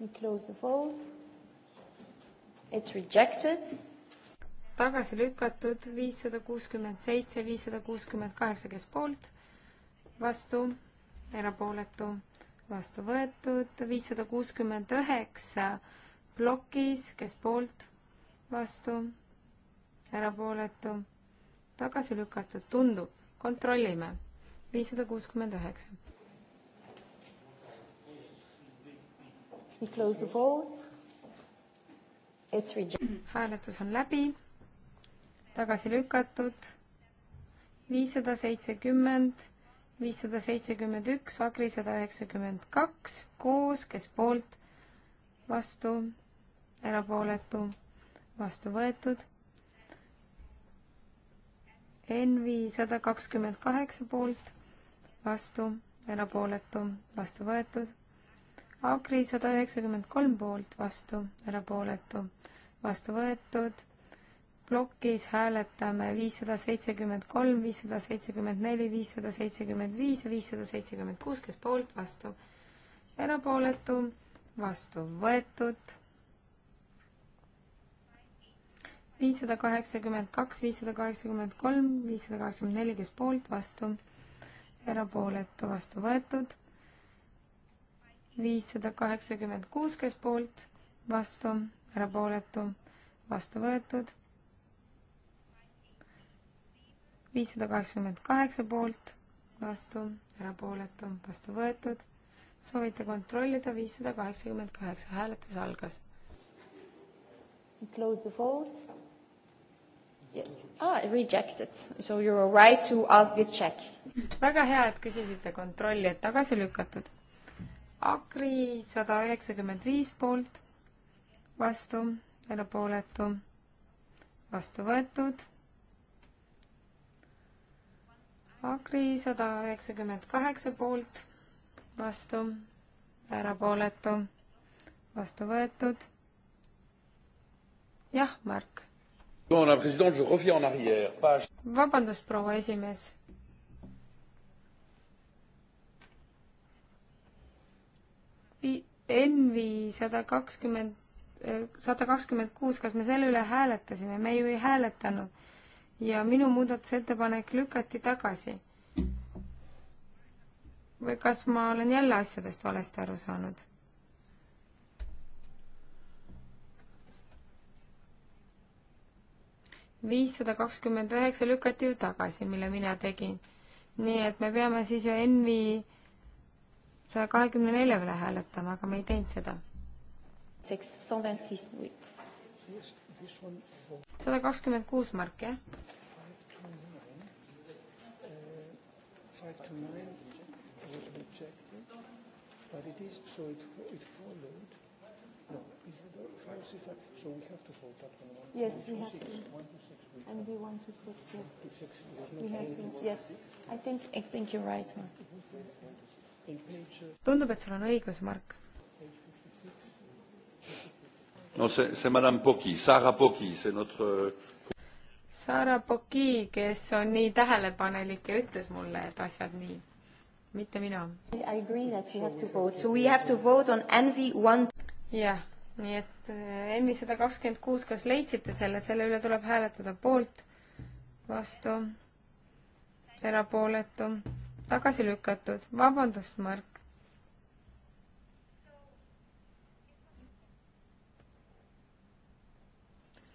We close the fold. It's rejected tagasi lükatud, viissada kuuskümmend seitse, viissada kuuskümmend kaheksa, kes poolt, vastu, erapooletu, vastu võetud, viissada kuuskümmend üheksa plokis, kes poolt, vastu, erapooletu, tagasi lükatud, tundub, kontrollime, viissada kuuskümmend üheksa. We close the vote. It's rejected. hääletus on läbi, tagasi lükatud, viissada seitsekümmend, viissada seitsekümmend üks, Agri sada üheksakümmend kaks, koos, kes poolt, vastu, erapooletu, vastu võetud. Envi sada kakskümmend kaheksa poolt, vastu, erapooletu, vastu võetud. Agri sada üheksakümmend kolm poolt, vastu, erapooletu, vastu võetud plokis hääletame viissada seitsekümmend kolm, viissada seitsekümmend neli, viissada seitsekümmend viis ja viissada seitsekümmend kuus, kes poolt, vastu. erapooletu, vastu võetud. viissada kaheksakümmend kaks, viissada kaheksakümmend kolm, viissada kaheksakümmend neli, kes poolt, vastu. erapooletu, vastu võetud. viissada kaheksakümmend kuus, kes poolt, vastu, erapooletu, vastu võetud viissada kaheksakümmend kaheksa poolt, vastu, erapooletu, vastu võetud. soovite kontrollida, viissada kaheksakümmend kaheksa, hääletus algas. Close the vote yeah.. Ah, rejected, so you are right to ask the check. väga hea, et küsisite kontrolli, et tagasi lükatud. Agri sada üheksakümmend viis poolt, vastu, erapooletu, vastu võetud Agri sada üheksakümmend kaheksa poolt, vastu, erapooletu, vastu võetud. jah, Mark. vabandust, proua esimees Envi sada kakskümmend, eh, sada kakskümmend kuus, kas me selle üle hääletasime, me ju ei hääletanud ja minu muudatusettepanek lükati tagasi. või kas ma olen jälle asjadest valesti aru saanud? viissada kakskümmend üheksa lükati ju tagasi, mille mina tegin. nii et me peame siis ju Envi saja kahekümne nelja üle hääletama, aga me ei teinud seda sada kakskümmend kuus mark, jah? But it is, so it, it followed. No, is it 465? So we have to vote up on 1 Yes, we have to. 1 to 6. We and we 1 to 6, yes. 1 to 6. There's no we have to, yes. I think, I think you're right, Mark. Uh, Tundub, et sul on õigus, Mark no see, see madame Poki, Sarah Poki, see notre Sarah Poki, kes on nii tähelepanelik ja ütles mulle, et asjad nii, mitte mina. jah, nii et eh, NV sada kakskümmend kuus, kas leidsite selle, selle üle tuleb hääletada poolt, vastu, erapooletu, tagasi lükatud, vabandust, Mark.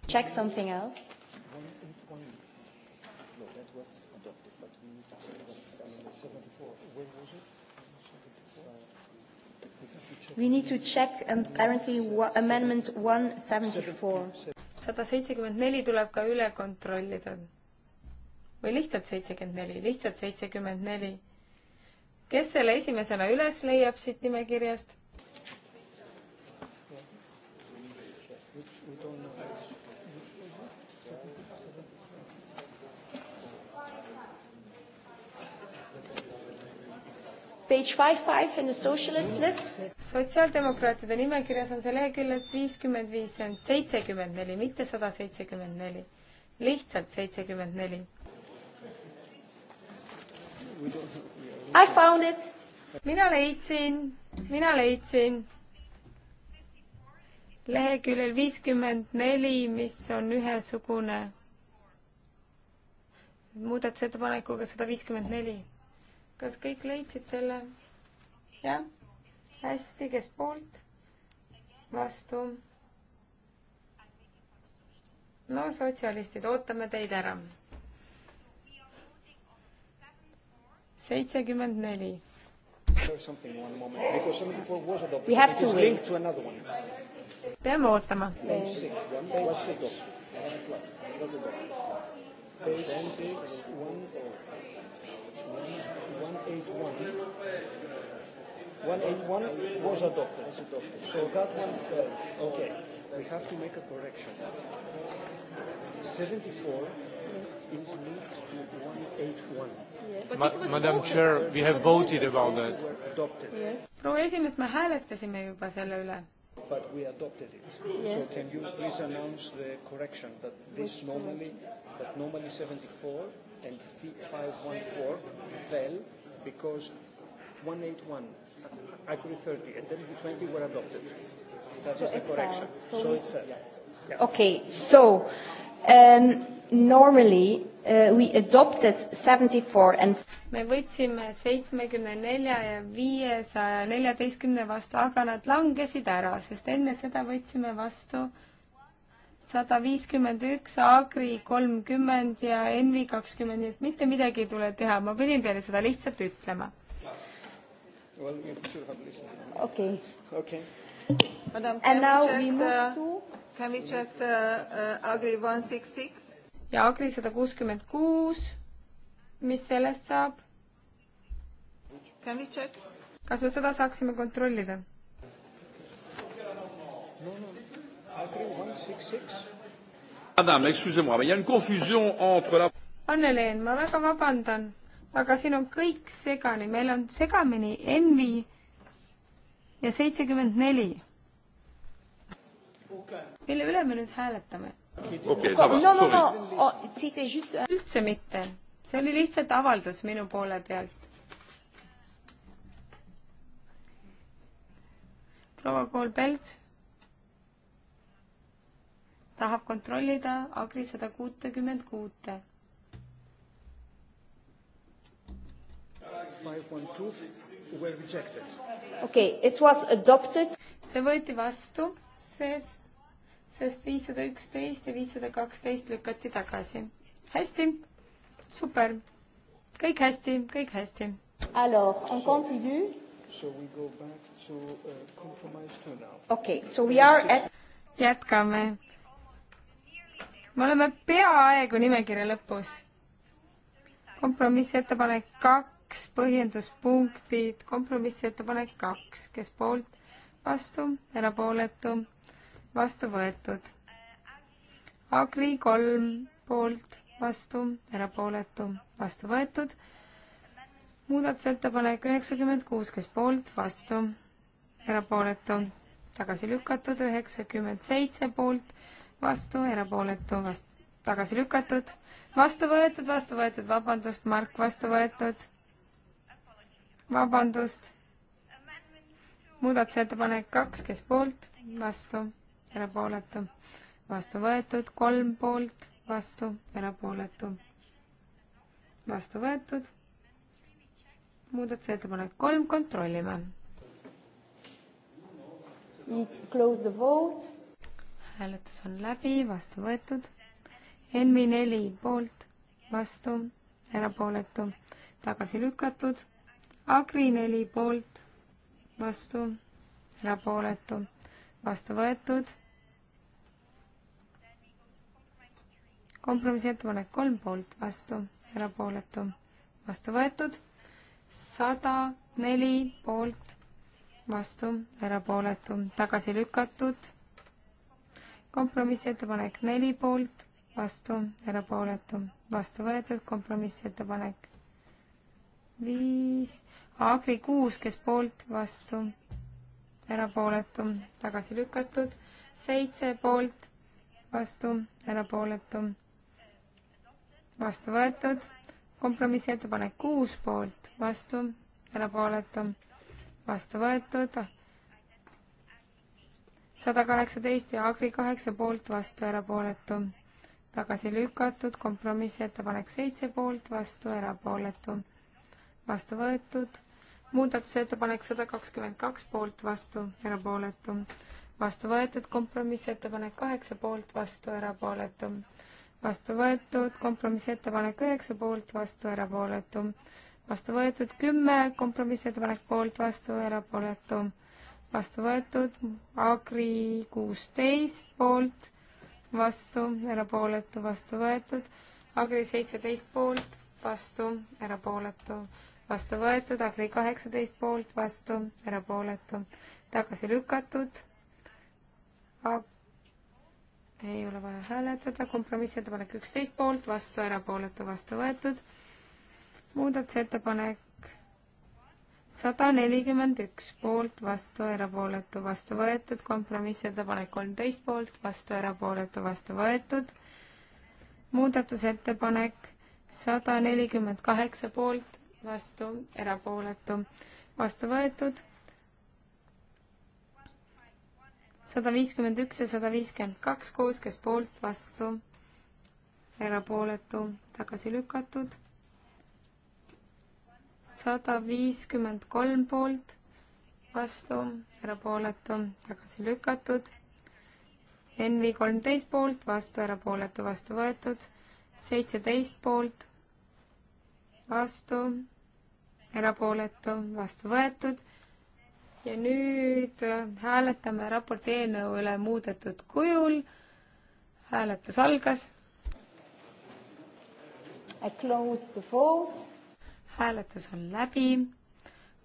Check something else. We need to check um, apparently amendment 174. 174 tuleb ka üle kontrollida. Või lihtsalt 74, lihtsalt 74. Kes selle esimesena üles leiab siit nimekirjast? Page five five in the socialist list. sotsiaaldemokraatide nimekirjas on see leheküljes viiskümmend viis, see on seitsekümmend neli, mitte sada seitsekümmend neli. lihtsalt seitsekümmend neli. I found it. mina leidsin, mina leidsin. leheküljel viiskümmend neli, mis on ühesugune muudatusettepanekuga sada viiskümmend neli kas kõik leidsid selle? jah? hästi, kes poolt? vastu? no sotsialistid, ootame teid ära. seitsekümmend neli. peame ootama. Page six, one oh. 181. 181 was adopted. Was adopted. So that one fell. Okay. We have to make a correction. 74 is linked to 181. Ma Madam Chair, we have voted about that. Yes. proua esimees, me hääletasime juba selle üle. But we adopted it yes.. So can you please announce the correction that this normally, that normally 74 and 514 fell because 181, Accurate 30, and then the 20 were adopted. That so is the correction. Fair. So, so it's fair. Yeah. Yeah. Okay, so um, normally uh, we adopted 74 and me võtsime seitsmekümne nelja ja viiesaja neljateistkümne vastu, aga nad langesid ära, sest enne seda võtsime vastu sada viiskümmend üks, Agri kolmkümmend ja Envi kakskümmend, nii et mitte midagi ei tule teha, ma pidin teile seda lihtsalt ütlema. okei. okei. And now we move to Can we check the uh, Agri one six six? ja Agri sada kuuskümmend kuus, mis sellest saab? Can we check? kas me seda saaksime kontrollida no,? No, no. Anneleen, ma väga vabandan, aga siin on kõik segane, meil on segamini Envi ja seitsekümmend neli. mille üle me nüüd hääletame? Okay, no, no, no, oh, just... Euh, üldse mitte, see oli lihtsalt avaldus minu poole pealt. proua Kool-Pelts tahab kontrollida Agri sada kuutekümmend kuute. okei, it was adopted. see võeti vastu, sest, sest viissada üksteist ja viissada kaksteist lükati tagasi. hästi, super, kõik hästi, kõik hästi. Alors, on continue? So we go back to uh, compromise two now. Okay, so we are at jätkame me oleme peaaegu nimekirja lõpus. kompromissettepanek kaks, põhjenduspunktid, kompromissettepanek kaks, kes poolt, vastu, erapooletu, vastu võetud. Agri kolm poolt, vastu, erapooletu, vastu võetud. muudatusettepanek üheksakümmend kuus, kes poolt, vastu, erapooletu, tagasi lükatud, üheksakümmend seitse poolt vastu, erapooletu, vastu, tagasi lükatud, vastu võetud, vastu võetud, vabandust, Mark, vastu võetud, vabandust, muudatusettepanek kaks, kes poolt, vastu, erapooletu, vastu võetud, kolm poolt, vastu, erapooletu, vastu võetud, muudatusettepanek kolm, kontrollime. Close the vote hääletus on läbi, vastu võetud. Envi neli poolt, vastu, erapooletu, tagasi lükatud. Agri neli poolt, vastu, erapooletu, vastu võetud. kompromissettepanek kolm poolt, vastu, erapooletu, vastu võetud. sada neli poolt, vastu, erapooletu, tagasi lükatud kompromissettepanek neli poolt, vastu, erapooletu, vastu võetud, kompromissettepanek viis, Agri kuus, kes poolt, vastu, erapooletu, tagasi lükatud, seitse poolt, vastu, erapooletu, vastu võetud, kompromissettepanek kuus poolt, vastu, erapooletu, vastu võetud, sada kaheksateist ja Agri kaheksa poolt, vastu, erapooletu. tagasi lükatud, kompromissettepanek seitse poolt, vastu, erapooletu. vastu võetud, muudatusettepanek sada kakskümmend kaks poolt, vastu, erapooletu. vastu võetud, kompromissettepanek kaheksa poolt, vastu, erapooletu vastu võetud, kompromissettepanek üheksa poolt, vastu erapooletu. vastu võetud kümme, kompromissettepanek poolt, vastu erapooletu vastu võetud, Agri kuusteist poolt, vastu, erapooletu, vastu võetud, Agri seitseteist poolt, vastu, erapooletu, vastu võetud, Agri kaheksateist poolt, vastu, erapooletu, tagasi lükatud, ei ole vaja hääletada, kompromissettepanek üksteist poolt, vastu, erapooletu, vastu võetud, muudatusettepanek sada nelikümmend üks poolt, vastu, erapooletu, vastu võetud, kompromissettepanek kolmteist poolt, vastu, erapooletu, vastu võetud, muudatusettepanek sada nelikümmend kaheksa poolt, vastu, erapooletu, vastu võetud, sada viiskümmend üks ja sada viiskümmend kaks koos, kes poolt, vastu, erapooletu, tagasi lükatud sada viiskümmend kolm poolt, vastu, erapooletu, tagasi lükatud. NV kolmteist poolt, vastu, erapooletu, vastu võetud. seitseteist poolt, vastu, erapooletu, vastu võetud ja nüüd äh, hääletame raporti eelnõu üle muudetud kujul. hääletus algas. I close the vote hääletus on läbi,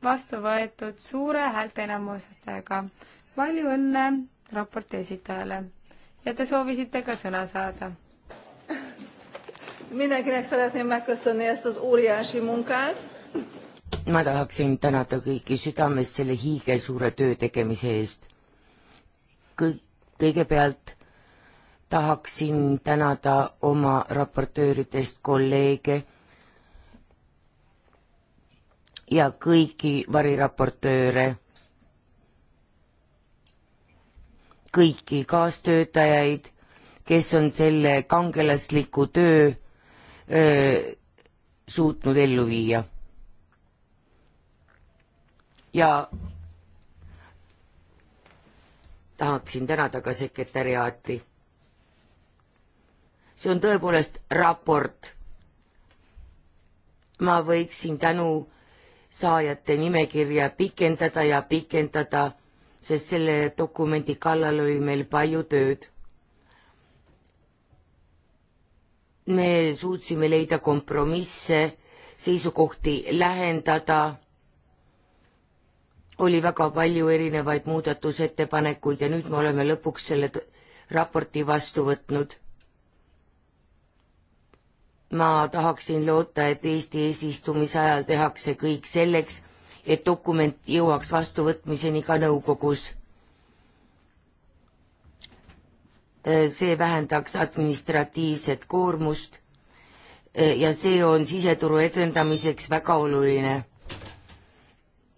vastu võetud suure häälteenamusega. palju õnne raporti esitajale ja te soovisite ka sõna saada. Mindenkinek szeretném megköszönni ezt az óriási munkát. Ma tahaksin tänada kõiki südamest selle hiigelsuure töö tegemise eest. Kõik, kõigepealt tahaksin tänada oma raportööridest kolleege, ja kõiki variraportööre, kõiki kaastöötajaid, kes on selle kangelasliku töö öö, suutnud ellu viia. ja tahaksin tänada ka sekretäriaati. see on tõepoolest raport. ma võiksin tänu saajate nimekirja pikendada ja pikendada, sest selle dokumendi kallal oli meil palju tööd. me suutsime leida kompromisse, seisukohti lähendada, oli väga palju erinevaid muudatusettepanekuid ja nüüd me oleme lõpuks selle raporti vastu võtnud ma tahaksin loota, et Eesti eesistumise ajal tehakse kõik selleks, et dokument jõuaks vastuvõtmiseni ka nõukogus. Äh, see vähendaks administratiivset koormust äh, ja see on siseturu edendamiseks väga oluline.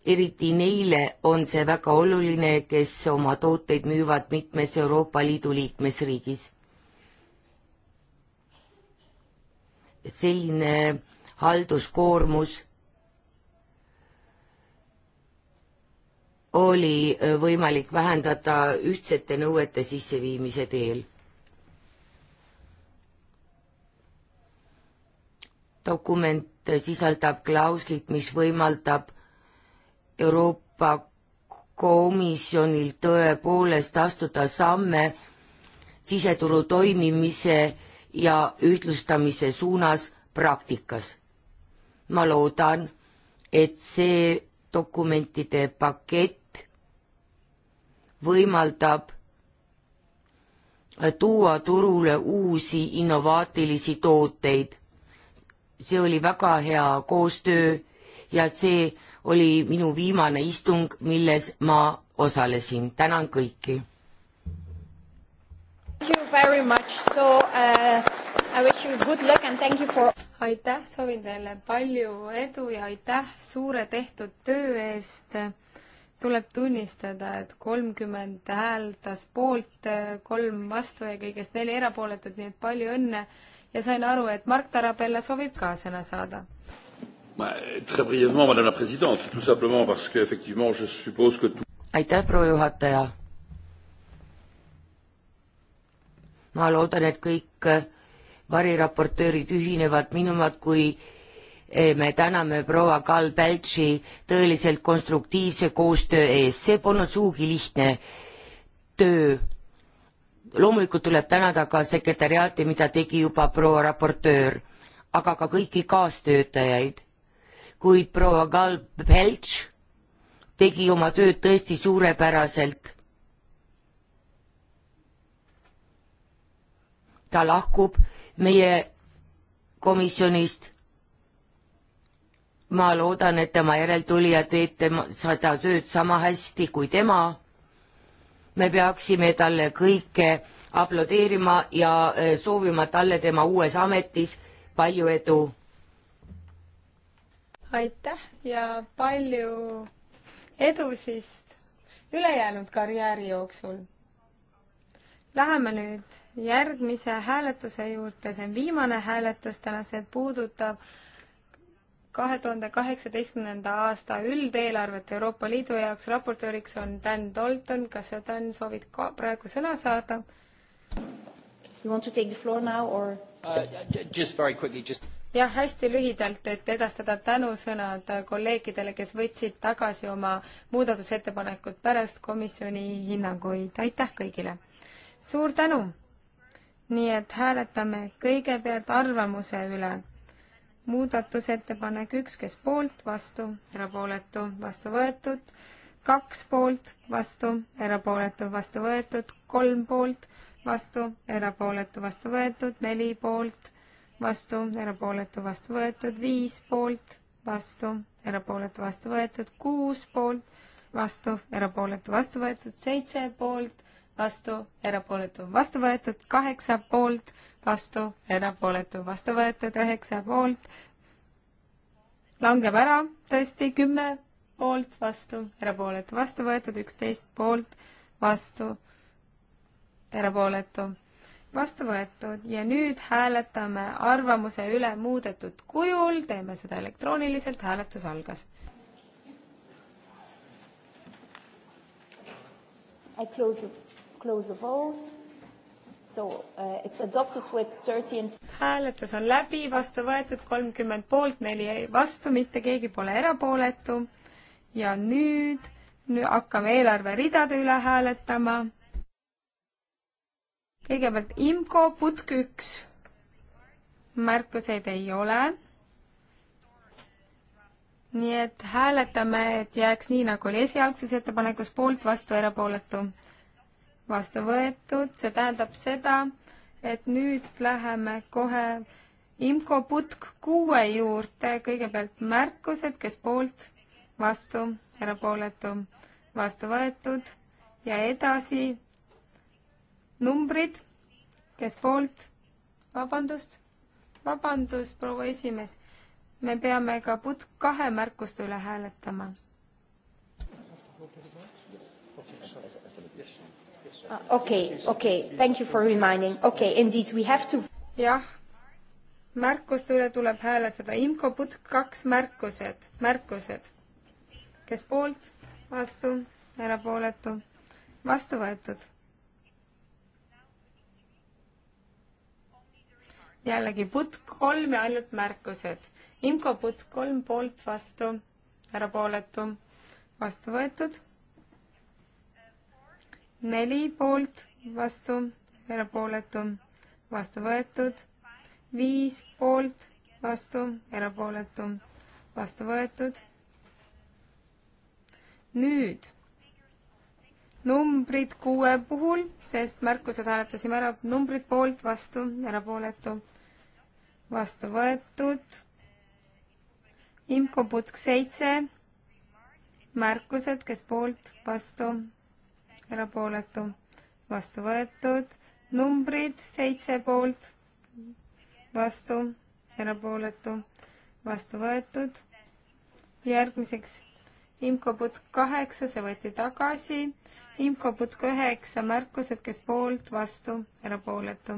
eriti neile on see väga oluline, kes oma tooteid müüvad mitmes Euroopa Liidu liikmesriigis selline halduskoormus oli võimalik vähendada ühtsete nõuete sisseviimise teel. dokument sisaldab klauslit, mis võimaldab Euroopa Komisjonil tõepoolest astuda samme siseturu toimimise ja ühtlustamise suunas praktikas. ma loodan, et see dokumentide pakett võimaldab tuua turule uusi innovaatilisi tooteid. see oli väga hea koostöö ja see oli minu viimane istung, milles ma osalesin. tänan kõiki! Thank you very much, so uh, I wish you good luck and thank you for aitäh, soovin teile palju edu ja aitäh suure tehtud töö eest. tuleb tunnistada, et kolmkümmend hääldas poolt, kolm vastu ja kõigest neli erapooletut, nii et palju õnne. ja sain aru, et Mark Tarabella soovib ka sõna saada. aitäh, proua juhataja ma loodan, et kõik äh, variraportöörid ühinevad minuga, kui äh, me täname proua Karl Beltši tõeliselt konstruktiivse koostöö eest, see polnud sugugi lihtne töö. loomulikult tuleb tänada ka sekretäriaati, mida tegi juba proua raportöör, aga ka kõiki kaastöötajaid. kuid proua Karl Beltš tegi oma tööd tõesti suurepäraselt ta lahkub meie komisjonist. ma loodan, et tema järeltulija teeb tema, seda tööd sama hästi kui tema. me peaksime talle kõike aplodeerima ja eh, soovima talle tema uues ametis palju edu. aitäh ja palju edu siis ülejäänud karjääri jooksul Läheme nüüd järgmise hääletuse juurde, see on viimane hääletus täna, see puudutab kahe tuhande kaheksateistkümnenda aasta üldeelarvet Euroopa Liidu jaoks, raportööriks on Dan Dalton, kas sa, Dan, soovid ka praegu sõna saada? You want to take the floor now or uh,? Just very quickly, just jah, hästi lühidalt, et edastada tänusõnad kolleegidele, kes võtsid tagasi oma muudatusettepanekud pärast komisjoni hinnanguid, aitäh kõigile! suur tänu! nii et hääletame kõigepealt arvamuse üle. muudatusettepanek üks, kes poolt, vastu, erapooletu, vastu võetud, kaks poolt, vastu, erapooletu, vastu võetud, kolm poolt, vastu, erapooletu, vastu võetud, neli poolt, vastu, erapooletu, vastu võetud, viis poolt, vastu, erapooletu, vastu võetud, kuus poolt, vastu, erapooletu, vastu võetud, seitse poolt, vastu, erapooletu, vastu võetud kaheksa poolt, vastu, erapooletu, vastu võetud üheksa poolt, langeb ära tõesti kümme poolt, vastu, erapooletu, vastu võetud üksteist poolt, vastu, erapooletu, vastu võetud ja nüüd hääletame arvamuse üle muudetud kujul, teeme seda elektrooniliselt, hääletus algas I close it. Close the polls. So uh, it's adopted with 30 and... hääletus on läbi, vastu võetud kolmkümmend poolt, neli ei vastu, mitte keegi pole erapooletu. ja nüüd, nüüd hakkame eelarveridade üle hääletama. kõigepealt IMCO putk üks. märkuseid ei ole. nii et hääletame, et jääks nii, nagu oli esialgses ettepanekus, poolt, vastu, erapooletu vastu võetud, see tähendab seda, et nüüd läheme kohe Imko Putk kuue juurde, kõigepealt märkused, kes poolt, vastu, erapooletu, vastu võetud ja edasi numbrid, kes poolt, vabandust, vabandust, proua esimees, me peame ka Putk kahe märkuste üle hääletama okei, ah, okei, thank you for reminding, okei okay,, indeed we have to. jah, märkuste üle tuleb hääletada, IMCO putk kaks märkused, märkused. kes poolt, vastu, erapooletu, vastu võetud. jällegi putk kolm ja ainult märkused. IMCO putk kolm poolt, vastu, erapooletu, vastu võetud neli poolt, vastu, erapooletu, vastu võetud, viis poolt, vastu, erapooletu, vastu võetud. nüüd numbrid kuue puhul, sest märkused hääletasime ära, numbrid poolt, vastu, erapooletu, vastu võetud. imkoputk seitse, märkused, kes poolt, vastu, erapooletu, vastu võetud, numbrid seitse poolt, vastu, erapooletu, vastu võetud. järgmiseks imkoputk kaheksa, see võeti tagasi, imkoputk üheksa, märkused, kes poolt, vastu, erapooletu.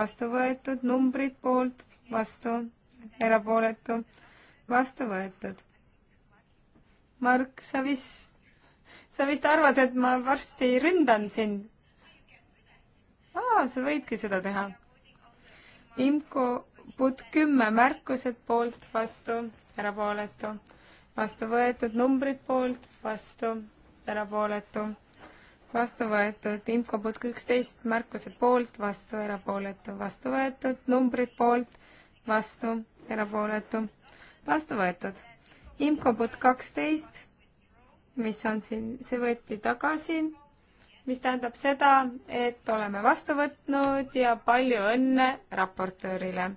vastu võetud, numbrid poolt, vastu, erapooletu, vastu võetud. Mark, sa vist sa vist arvad, et ma varsti ründan sind? aa, sa võidki seda teha. Imko Putt kümme märkused poolt, vastu, erapooletu. vastu võetud numbrid poolt, vastu, erapooletu. vastu võetud Imko Putt üksteist märkused poolt, vastu, erapooletu. vastu võetud numbrid poolt, vastu, erapooletu. vastu võetud. Imko Putt kaksteist mis on siin, see võeti tagasi, mis tähendab seda, et oleme vastu võtnud ja palju õnne raportöörile.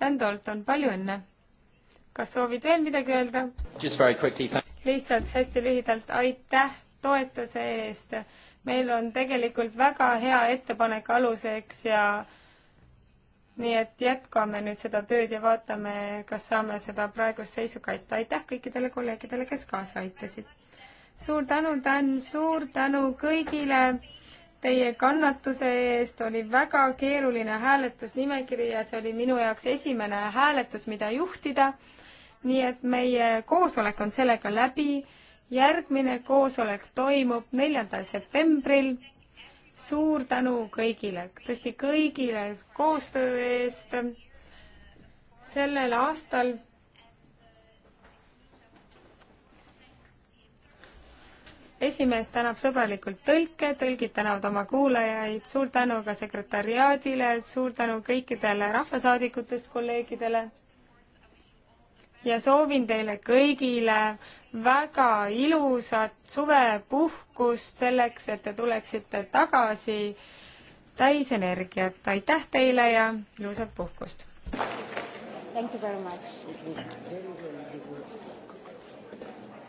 Dan Dalton, palju õnne! kas soovid veel midagi öelda? lihtsalt hästi lühidalt, aitäh toetuse eest. meil on tegelikult väga hea ettepanek aluseks ja nii et jätkame nüüd seda tööd ja vaatame, kas saame seda praegust seisu kaitsta. aitäh kõikidele kolleegidele, kes kaasa aitasid suur tänu, Dan, suur tänu kõigile teie kannatuse eest, oli väga keeruline hääletusnimekiri ja see oli minu jaoks esimene hääletus, mida juhtida. nii et meie koosolek on sellega läbi. järgmine koosolek toimub neljandal septembril. suur tänu kõigile, tõesti kõigile koostöö eest sellel aastal esimees tänab sõbralikult tõlke, tõlgid tänavad oma kuulajaid, suur tänu ka sekretariaadile, suur tänu kõikidele rahvasaadikutest kolleegidele ja soovin teile kõigile väga ilusat suvepuhkust selleks, et te tuleksite tagasi täis energiat. aitäh teile ja ilusat puhkust! Thank you very much.